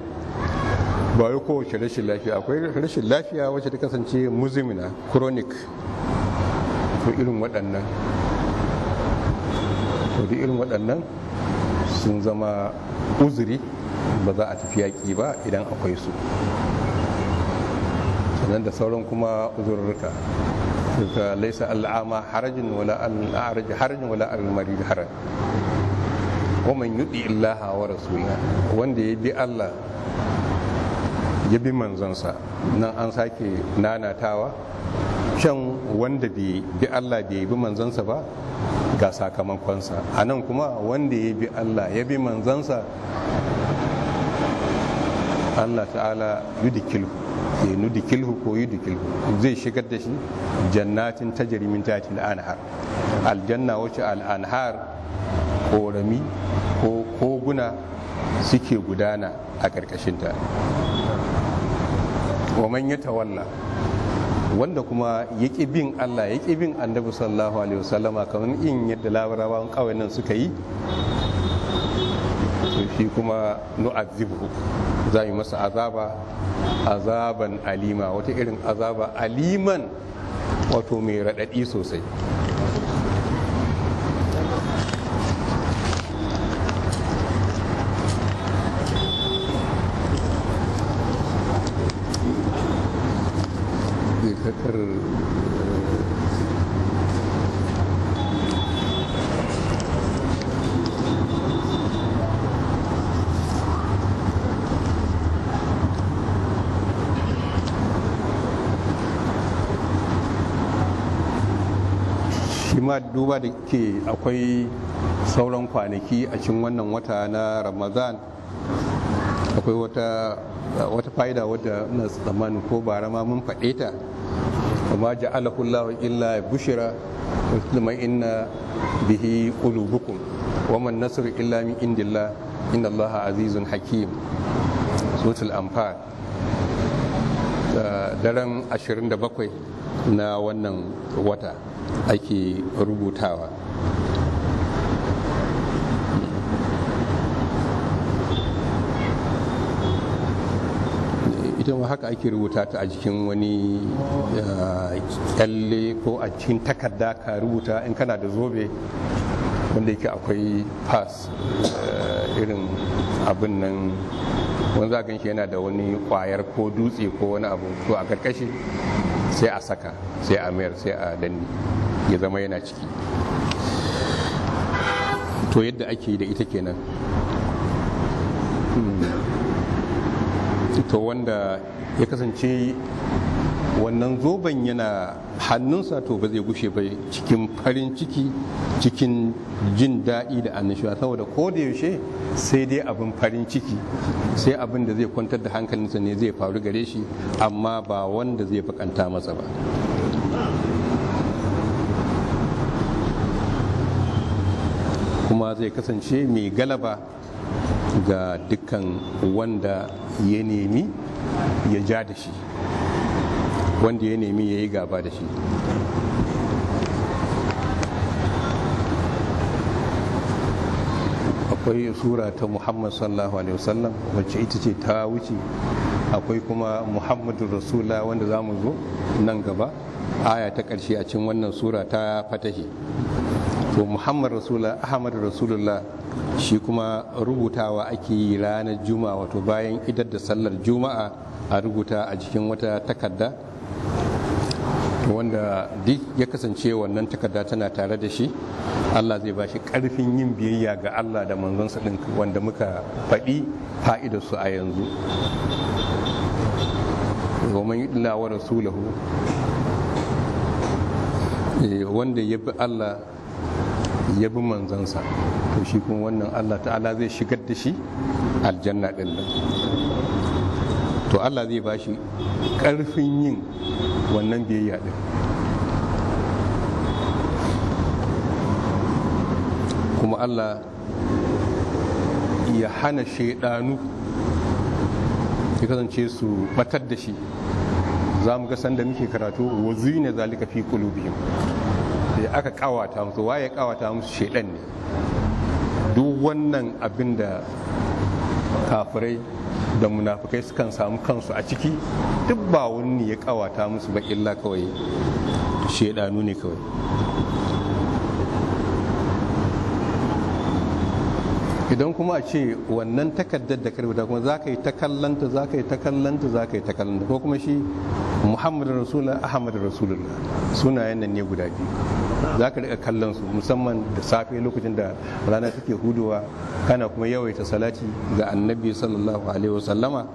ba wai kowace rashin lafiya akwai rashin lafiya wacce ta kasance muzimina chronic ko irin waɗannan Ko da irin waɗannan sun zama uzuri ba za a tafi yaƙi ba idan akwai su sannan da sauran kuma uzurruka suka laisa al'ama harajin wala al harajin wala al marid haraj wa man yudi illaha wa rasula wanda ya bi Allah ya bi manzansa nan an sake nanatawa shan wanda bai bi Allah bai bi manzansa ba ga sakamakonsa a nan kuma wanda ya bi Allah ya bi manzansa Allah ta'ala yudikilhu ya nudi kilhu ko kilhu? zai shigar da shi jannatin ta tajrimin tatil anhar aljanna wacce al'an'har? ƙorami ko koguna suke gudana a ta. waman ya tawalla wanda kuma ya bin allah ya bin annabi sallallahu alaihi wasallama kamar in yadda labarawan kawai nan suka yi shi kuma nu'azzibu za yi masa azaba azaban alima wata irin azaba aliman wato mai raɗaɗi sosai yake akwai sauran kwanaki a cikin wannan wata na ramadan akwai wata fa'ida wadda na tsammanin ko bara ma mun faɗe ta amma ja'alahu Allah illa bushira wa inna bihi qulubukum wa man illa min indillah inna Allah azizun hakim suratul anfal daren 27 na wannan wata ake rubutawa ita ma haka ake rubuta ta a jikin wani kyalle ko a cikin takarda ka rubuta in kana da zobe wanda yake akwai pass eh, irin abin nan wani za shi yana da wani kwayar ko dutse ko wani abu to a karkashi sai a saka sai a mayar sai a danne ya zama yana ciki to yadda ake da ita kenan hmm. to wanda ya kasance wannan zoben yana hannunsa to ba zai gushe ba cikin farin ciki cikin jin daɗi da annashuwa saboda ko da yaushe sai dai abin farin ciki sai abin da zai kwantar da hankalinsa ne zai faru gare shi amma ba wanda zai bakanta masa ba kuma zai kasance mai galaba ga dukkan wanda ya nemi ya ja da shi wanda ya nemi ya yi gaba da shi akwai sura ta muhammad sallallahu alaihi wasallam wacce ita ce ta wuce akwai kuma muhammadu rasula wanda za mu zo nan gaba aya ta ƙarshe a cikin wannan sura ta fatahi to muhammad rasula ahmad rasulullah shi kuma rubutawa ake yi ranar juma'a wato bayan idar da sallar juma'a a rubuta a jikin wata takarda wanda duk ya kasance wannan takarda tana tare da shi allah zai ba shi karfin yin biyayya ga allah da manzonsa ɗin wanda muka faɗi fa'idarsu a yanzu domin rasulahu eh, wanda ya bi allah ya bi manzansa to shi kuma wannan Allah ta'ala zai shigar da shi aljanna ɗin nan to Allah zai ba shi ƙarfin yin wannan biyayya ɗin kuma Allah ya hana shaidanu ya kasance su batar da shi za mu ga sanda muke karatu wazi ne zalika fi kulubihim da aka kawata musu waye kawata musu shaidan ne duk wannan abin da kafirai da munafukai sukan samu kansu a ciki duk ba wani ya kawata musu ba illa kawai shaidanu ne kawai idan kuma a ce wannan takardar da karbuta kuma za ka yi ta kallanta za ka yi ta kallanta za ka yi ta kallanta ko kuma shi muhammadu rasulullah ahmadu rasulullah sunayen nan ne guda biyu za ka rika kallon su musamman da safe lokacin da rana take hudowa kana kuma yawaita salati ga annabi sallallahu alaihi wasallama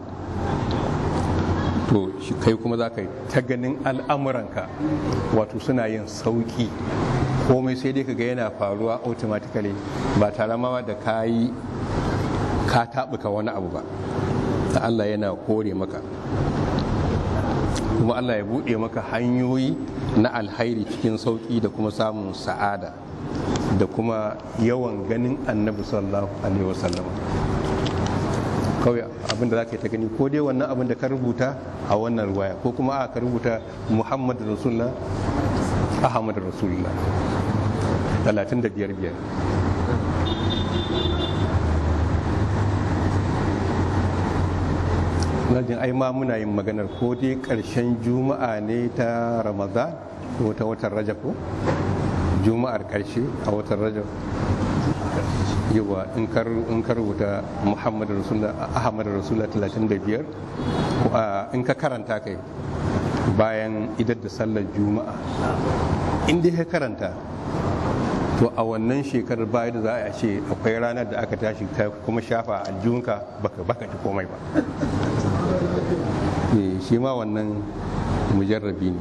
to kai kuma za ka yi ta ganin al'amuranka wato suna yin sauki komai sai dai ka ga yana faruwa automatically ba tare ma da ka yi ka taɓuka wani abu ba Allah yana kore maka kuma Allah ya buɗe maka hanyoyi na alhairi cikin sauƙi da kuma samun sa'ada da kuma yawan ganin annabi sallallahu alaihi wasallam kawai abin da za ka yi ta gani ko dai wannan abin da ka rubuta a wannan ruwaya ko kuma aka rubuta muhammad rasulullah ahmad rasulullah 35 biyar na ai ma muna yin maganar ko dai karshen juma'a ne ta ramadan ko ta watan rajab ko juma'ar karshe a watan rajab yawa in ka rubuta muhammad rasulullah ahmad rasulullah 35 in ka karanta kai bayan idar da sallar juma'a in dai ka karanta to a wannan shekarar ba da za a ce akwai ranar da aka tashi kuma shafa aljihunka baka baka ci komai ba Eh, shi ma wannan mujarrabi ne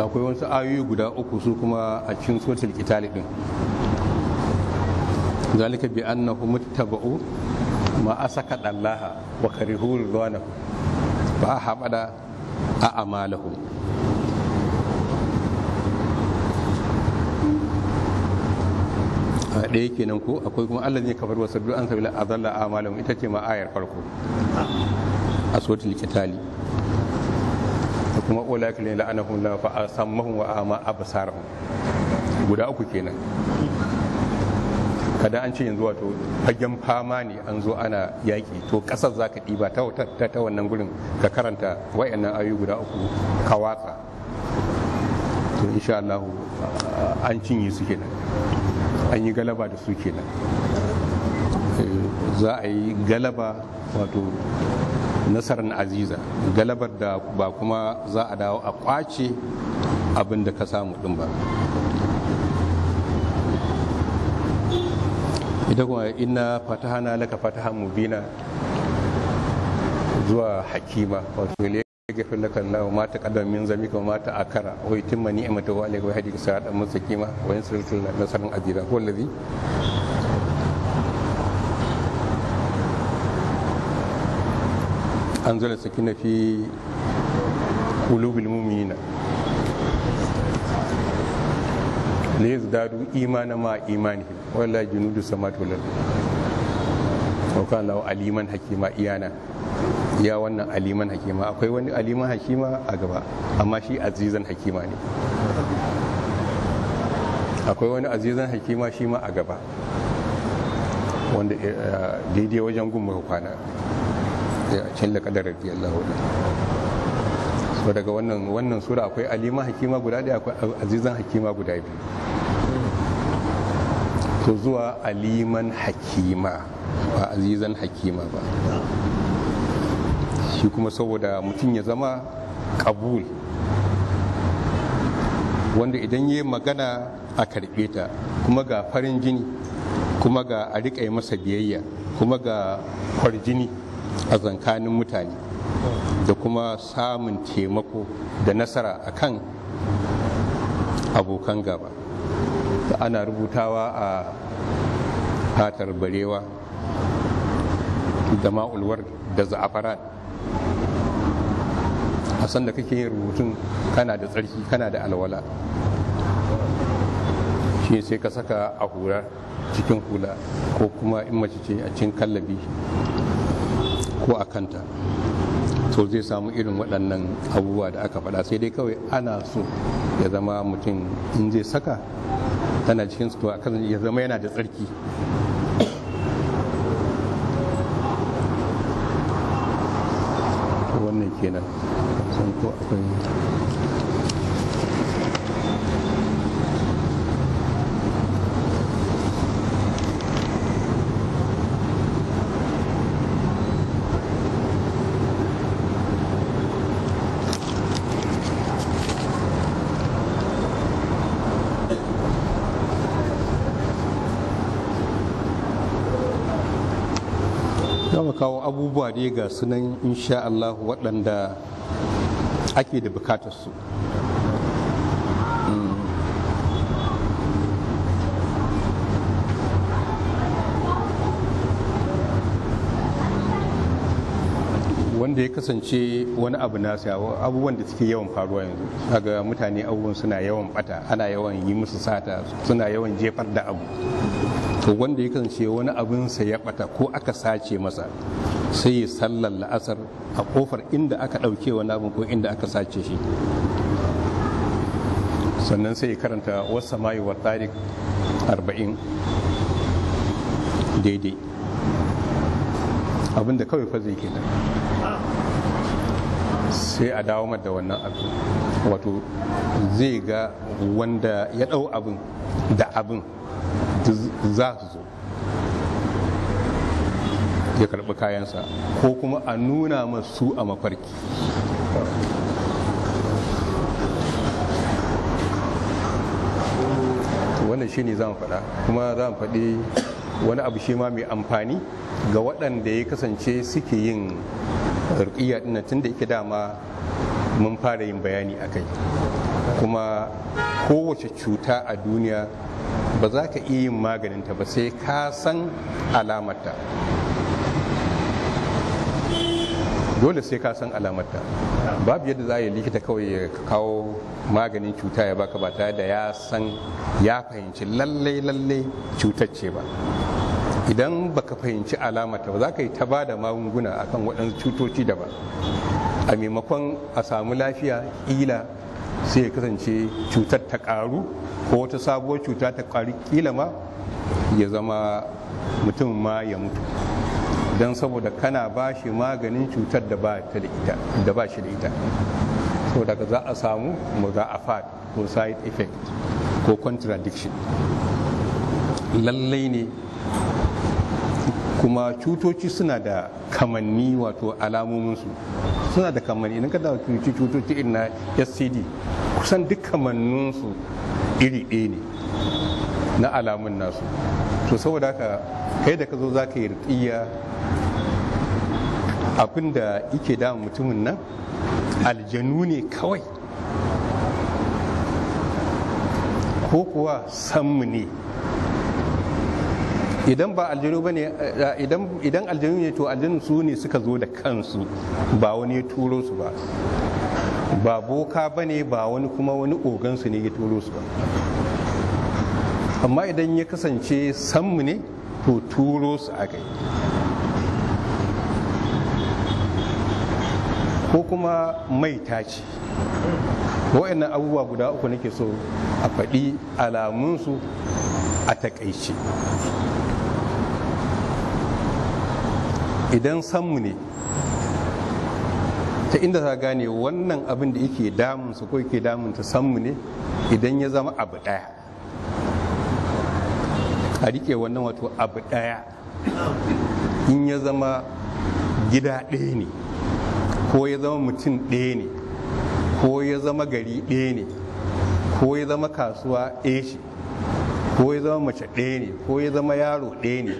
akwai wasu ayoyi guda uku su kuma a cikin sotil itali din zalika bi annahu muttaba'u ma asaka dallaha wa karihu ridwanahu fa haɓada a amalahum a ɗaya kenan ko akwai kuma Allah ne kafar wasu duk an sabila azalla amalahum ita ce ma ayar farko a soti likitali da kuma ulaka ne la'anahun lafa a asammahum wa'ama a absarahum guda uku kenan kada an ce yanzu wato fagen fama ne an zo ana yaƙi to ƙasar za ka ɗiba ta wannan gurin ka karanta wayannan ayu guda uku ka watsa to insha Allah an cinye su kenan an yi galaba da su kenan eh, za a yi galaba wato nasarar aziza galabar da ba kuma za a dawo a kwace abin da ka samu ɗin ba ita kuma inna fatahana laka fatahan mubina zuwa hakima wato ne ya yake lakan na ma ta kaddam min zami ka ma ta akara wa yutimma ni'mata wa alayka wa yahdika siratan mustaqima wa yansuruka nasran aziza huwa allazi saki na fi qulubil mu'minina liyazdadu imana ma imanihim wala junudu samatu lil saukan lau aliman hakima iyana ya wannan aliman hakima akwai wani aliman hakima a gaba amma shi azizan hakima ne akwai wani azizan hakima shi ma a gaba wanda eh, daidai wajen gun kwana ya cin da kadar Allah so daga wannan sura akwai aliman hakima guda daya, akwai azizan hakima guda biyu to zuwa aliman hakima ba azizan hakima ba shi kuma saboda mutum ya zama kabul wanda idan ya magana a karɓe ta kuma ga farin jini kuma ga a riƙa masa biyayya kuma ga kwarjini a zankanin mutane da kuma samun taimako da nasara akan abokan gaba ana rubutawa a fatar barewa da ma'ulwar da za'afaran a sanda kake yin rubutun kana da tsarki kana da alwala shi sai ka saka a hura cikin hula ko kuma in mace ce a cikin kallabi ko a kanta to zai samu irin waɗannan abubuwa da aka faɗa sai dai kawai ana so ya zama mutum in zai saka tana cikin su to ya zama yana da tsarki wannan kenan sun ko akwai ga sunan insha Allah waɗanda ake da bukatar su wanda ya kasance wani abu na abubuwan da suke yawan faruwa yanzu daga mutane abubuwan suna yawan bata ana yawan yi musu sata suna yawan jefar da abu to wanda ya kasance wani abinsa ya bata ko aka sace masa sai ya sallar la'asar a kofar inda aka ɗauke wani abin ko inda aka sace shi sannan sai ya karanta wasa mayu wa tarik arba'in daidai abinda kawai fa zai kenan sai a dawo da wannan abu wato zai ga wanda ya ɗau abin da abin za su zo ya karɓi kayansa ko kuma a nuna masu a mafarki wannan shi ne za mu faɗa kuma za mu faɗi wani abu shi ma mai amfani ga waɗanda ya kasance suke yin rukiya ɗina tun da yake dama mun fara yin bayani a kai kuma kowace cuta a duniya ba za ka iya yin maganinta ba sai ka san alamarta dole sai ka san alamarta babu yadda za a yi likita kawai ya kawo maganin cuta ya baka ba tare da ya san ya fahimci lalle lalle cutar ce ba idan baka fahimci alamarta ba za ka yi ta ba da magunguna akan waɗansu cutoci da ba a maimakon a samu lafiya ila sai ya kasance cutar ta ƙaru ko wata sabuwar cuta ta ƙaru ƙila ma ya zama mutum ma ya mutu don saboda kana ba shi maganin cutar da ba shi da ita so daga za a samu mu za a fad ko side effect ko contradiction lallai ne kuma cutoci suna da kamanni wato alamominsu suna da kamanni idan ka dawo cuci cutoci irin na scd kusan duk kamanninsu iri ɗaya ne na alamun nasu to saboda haka kai da ka zo za ka yi riƙiya abin da yake damun mutumin nan aljanu ne kawai ko kuwa sanmu ne idan ba aljanu ba ne idan aljanu ne to aljanu su ne suka zo da kansu ba wani ya turo su ba ba boka ba ne ba wani kuma wani ogansu ne ya turo su ba amma idan ya kasance sanmu ne to turo su a kai ko kuma mai taci wa'annan abubuwa guda uku nake so a faɗi alamunsu a takaice idan sanmu ne ta inda za gane wannan abin da yake damunsa ko yake damunta sanmu ne idan ya zama abu ɗaya a riƙe wannan wato abu ɗaya in ya zama gida ɗaya ne ko ya zama mutum ɗaya ne ko ya zama gari ɗaya ne ko ya zama kasuwa ɗaya ce ko ya zama mace ɗaya ne ko ya zama yaro ɗaya ne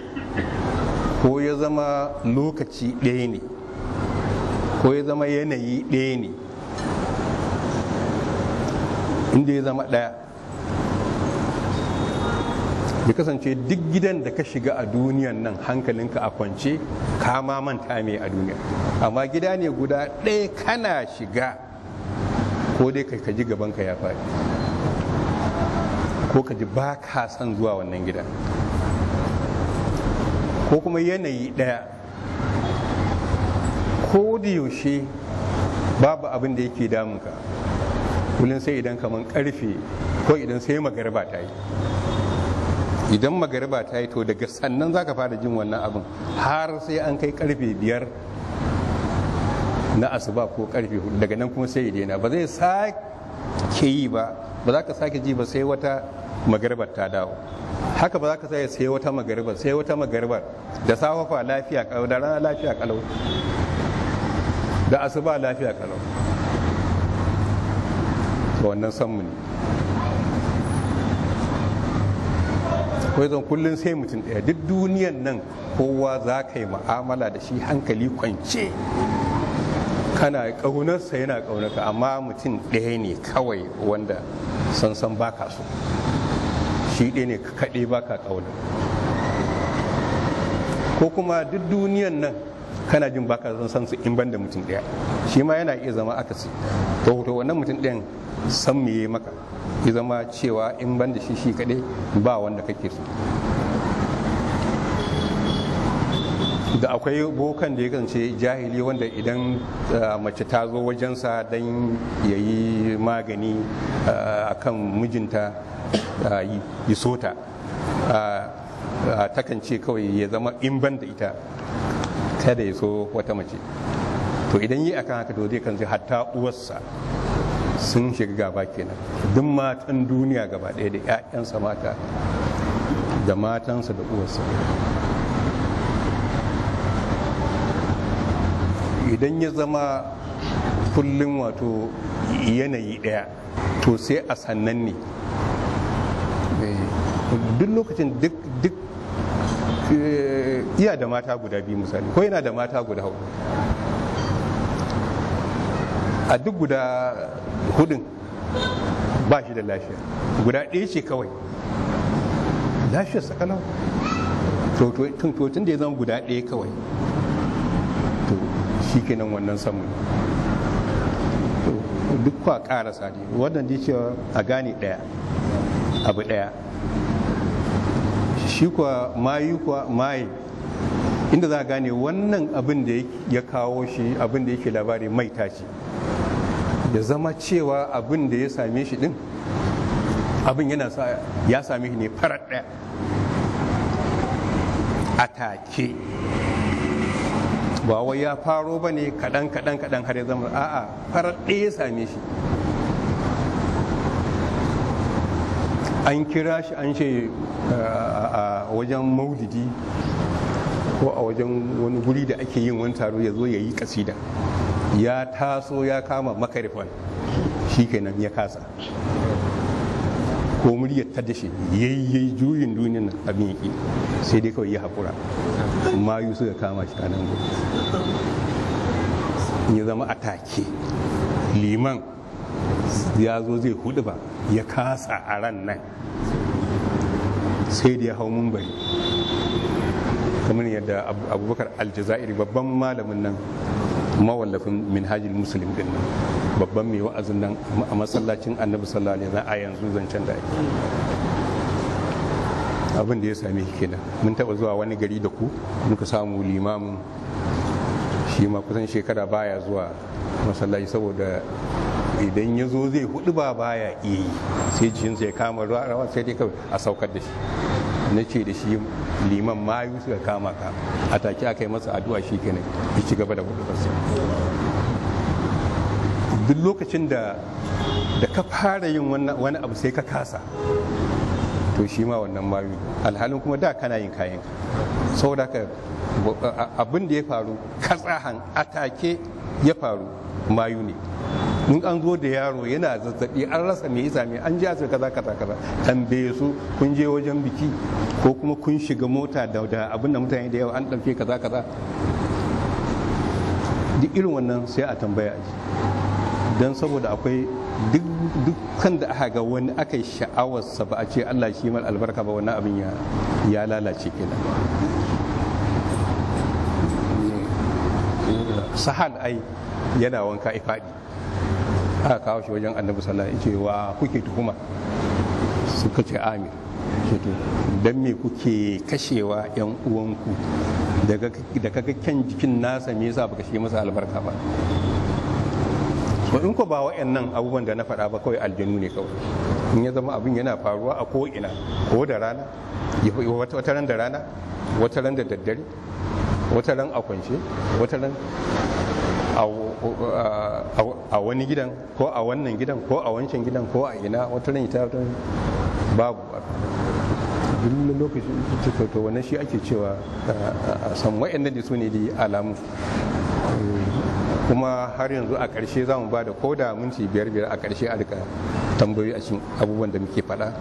ko ya zama lokaci ɗaya ne ko ya zama yanayi ɗaya ne inda ya zama ɗaya ya kasance duk gidan da ka shiga a duniyan nan hankalinka a kwance kama manta mai a duniya amma gida ne guda ɗaya kana shiga ko dai ka ji gabanka ya faɗi ko ka ji ba ka son zuwa wannan gida ko kuma yanayi ɗaya ko da yaushe babu abin da yake damunka kullum sai idan kamar karfe ko idan sai magarba ta yi idan magariba ta yi to daga sannan za ka fara jin wannan abin har sai an kai karfe biyar na asuba ko karfe hudu daga nan kuma sai daina ba zai sake yi ba ba za ka sake ji ba sai wata magaribar ta dawo haka ba za ka sai sai wata magaribar sai wata magaribar da safafa lafiya kalau da rana lafiya kalau da asuba lafiya kalau wannan sanmu ne ko zan kullum sai mutum ɗaya duk duniyan nan kowa za ka yi ma'amala da shi hankali kwance kana ƙaunarsa yana ƙaunarka amma mutum ɗaya ne kawai wanda sansan baka so shi ɗaya ne kaɗai baka ƙaunar ko kuma duk duniyan nan kana jin baka san su in ban da mutum ɗaya shi ma yana iya zama akasi to to wannan mutum ɗayan san me maka ya zama cewa in ban da shi shi kaɗai ba wanda kake so da akwai bokan da ya kasance jahili wanda idan ah, mace ta zo wajensa don ya yi magani a ah, kan mijinta ah, yi sota takan ce kawai ya zama in ban da ita kada ya so wata mace to idan yi akan haka to zai kan hatta uwarsa sun shiga gaba kenan duk matan duniya gaba ɗaya da 'ya'yansa mata da matansa da uwarsa idan ya zama kullum wato yanayi ɗaya to sai a sannan ne eh, duk lokacin duk eh, iya da mata guda biyu misali ko yana da mata guda hudu a duk guda hudun ba shi da lafiya guda ɗaya ce kawai lafiyar sakalau tun da ya zama guda ɗaya kawai to shi kenan wannan samu duk kwa ƙara sadi wannan da cewa a gane ɗaya abu ɗaya shi kuwa mayu kuwa maye inda za a gane wannan abin da ya kawo shi abin da yake labari mai tashi ya zama cewa abin da ya same shi din abin yana sa ya same shi ne farar ɗaya a take ba wai ya faro ba ne kaɗan kaɗan kaɗan har ya zama a'a farar ɗaya ya same shi an kira shi an ce a wajen maulidi ko a wajen wani guri da ake yin wani taro ya zo ya yi kasida ya taso ya kama makarifan shi kenan ya kasa ko muryar ta ya yayyayi juyin duniyar nan abin yake sai dai kawai ya haƙura mayu suka kama shi kanan nan ya zama a take liman ya zo zai hudu ba ya kasa a ran nan sai da ya hau mumbai kamar yadda abubakar aljazairi babban malamin nan mawallafin Minhajin muslim din nan babban mai wa'azin nan a masallacin annabi sallallahu alaihi wasallam a yanzu zancen da ake abin da ya same shi kenan mun taba zuwa wani gari da ku muka samu limamin shi ma kusan shekara baya zuwa masallaci saboda idan ya zo zai hudu ba baya iya sai jikinsa ya kama rawa sai dai kawai a saukar da shi na ce da shi liman mayu suka kama ka a take aka yi masa addu'a shi kenan ya ci gaba da hudubarsa duk lokacin da da ka fara yin wani abu sai ka kasa to shi ma wannan mayu alhalin kuma da kana yin kayan saboda ka abin da ya faru katsahan atake ya faru mayu ne in an zo da yaro yana zazzabi an rasa me isa me an ja asibiti kaza kaza kaza tambaye su kun je wajen biki ko kuma kun shiga mota da da abin da mutane da yawa an ɗauke kaza kaza duk irin wannan sai a tambaya ji don saboda akwai dukkan da aka ga wani aka yi sha'awarsa ba a ce Allah shi mal albarka ba wannan abin ya lalace kenan sahal ai yana wanka ifadi aka kawo shi wajen annabi sallallahu alaihi wasallam wa kuke tuhuma suka ce amin to dan me kuke kashewa yan uwanku da kaga kyan jikin nasa me yasa baka shi masa albarka ba in ko ba wa'annan abubuwan da na faɗa ba kawai aljanu ne kawai in ya zama abin yana faruwa a ko'ina ko da rana wata ran da rana wata ran da daddare wata ran a kwance wata ran a wani gidan ko a wannan gidan ko a wancan gidan ko a ina wata ta ita babu duk lokaci to wannan shi ake cewa a san wa'annan da su ne da alamu kuma har yanzu a ƙarshe za mu ba da koda minti biyar biyar a ƙarshe a rika tambayoyi a cikin abubuwan da muke faɗa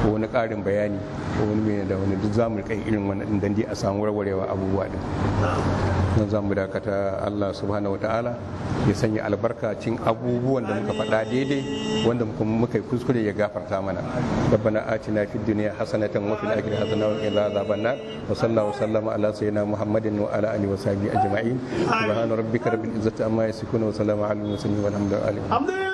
ko wani ƙarin bayani ko wani mai da wani duk zamu kai irin wannan dan dai a samu warwarewa abubuwa din nan zamu dakata Allah subhanahu wataala ya sanya albarkacin abubuwan da muka faɗa daidai wanda muka yi kuskure ya gafarta mana rabbana atina fid dunya hasanatan wa fil akhirati hasanatan wa qina adhaban nar wa sallallahu sallama ala sayyidina muhammadin wa ala alihi wa sahbihi ajma'in subhana rabbika rabbil izzati amma yasifun wa salamun alal mursalin walhamdulillahi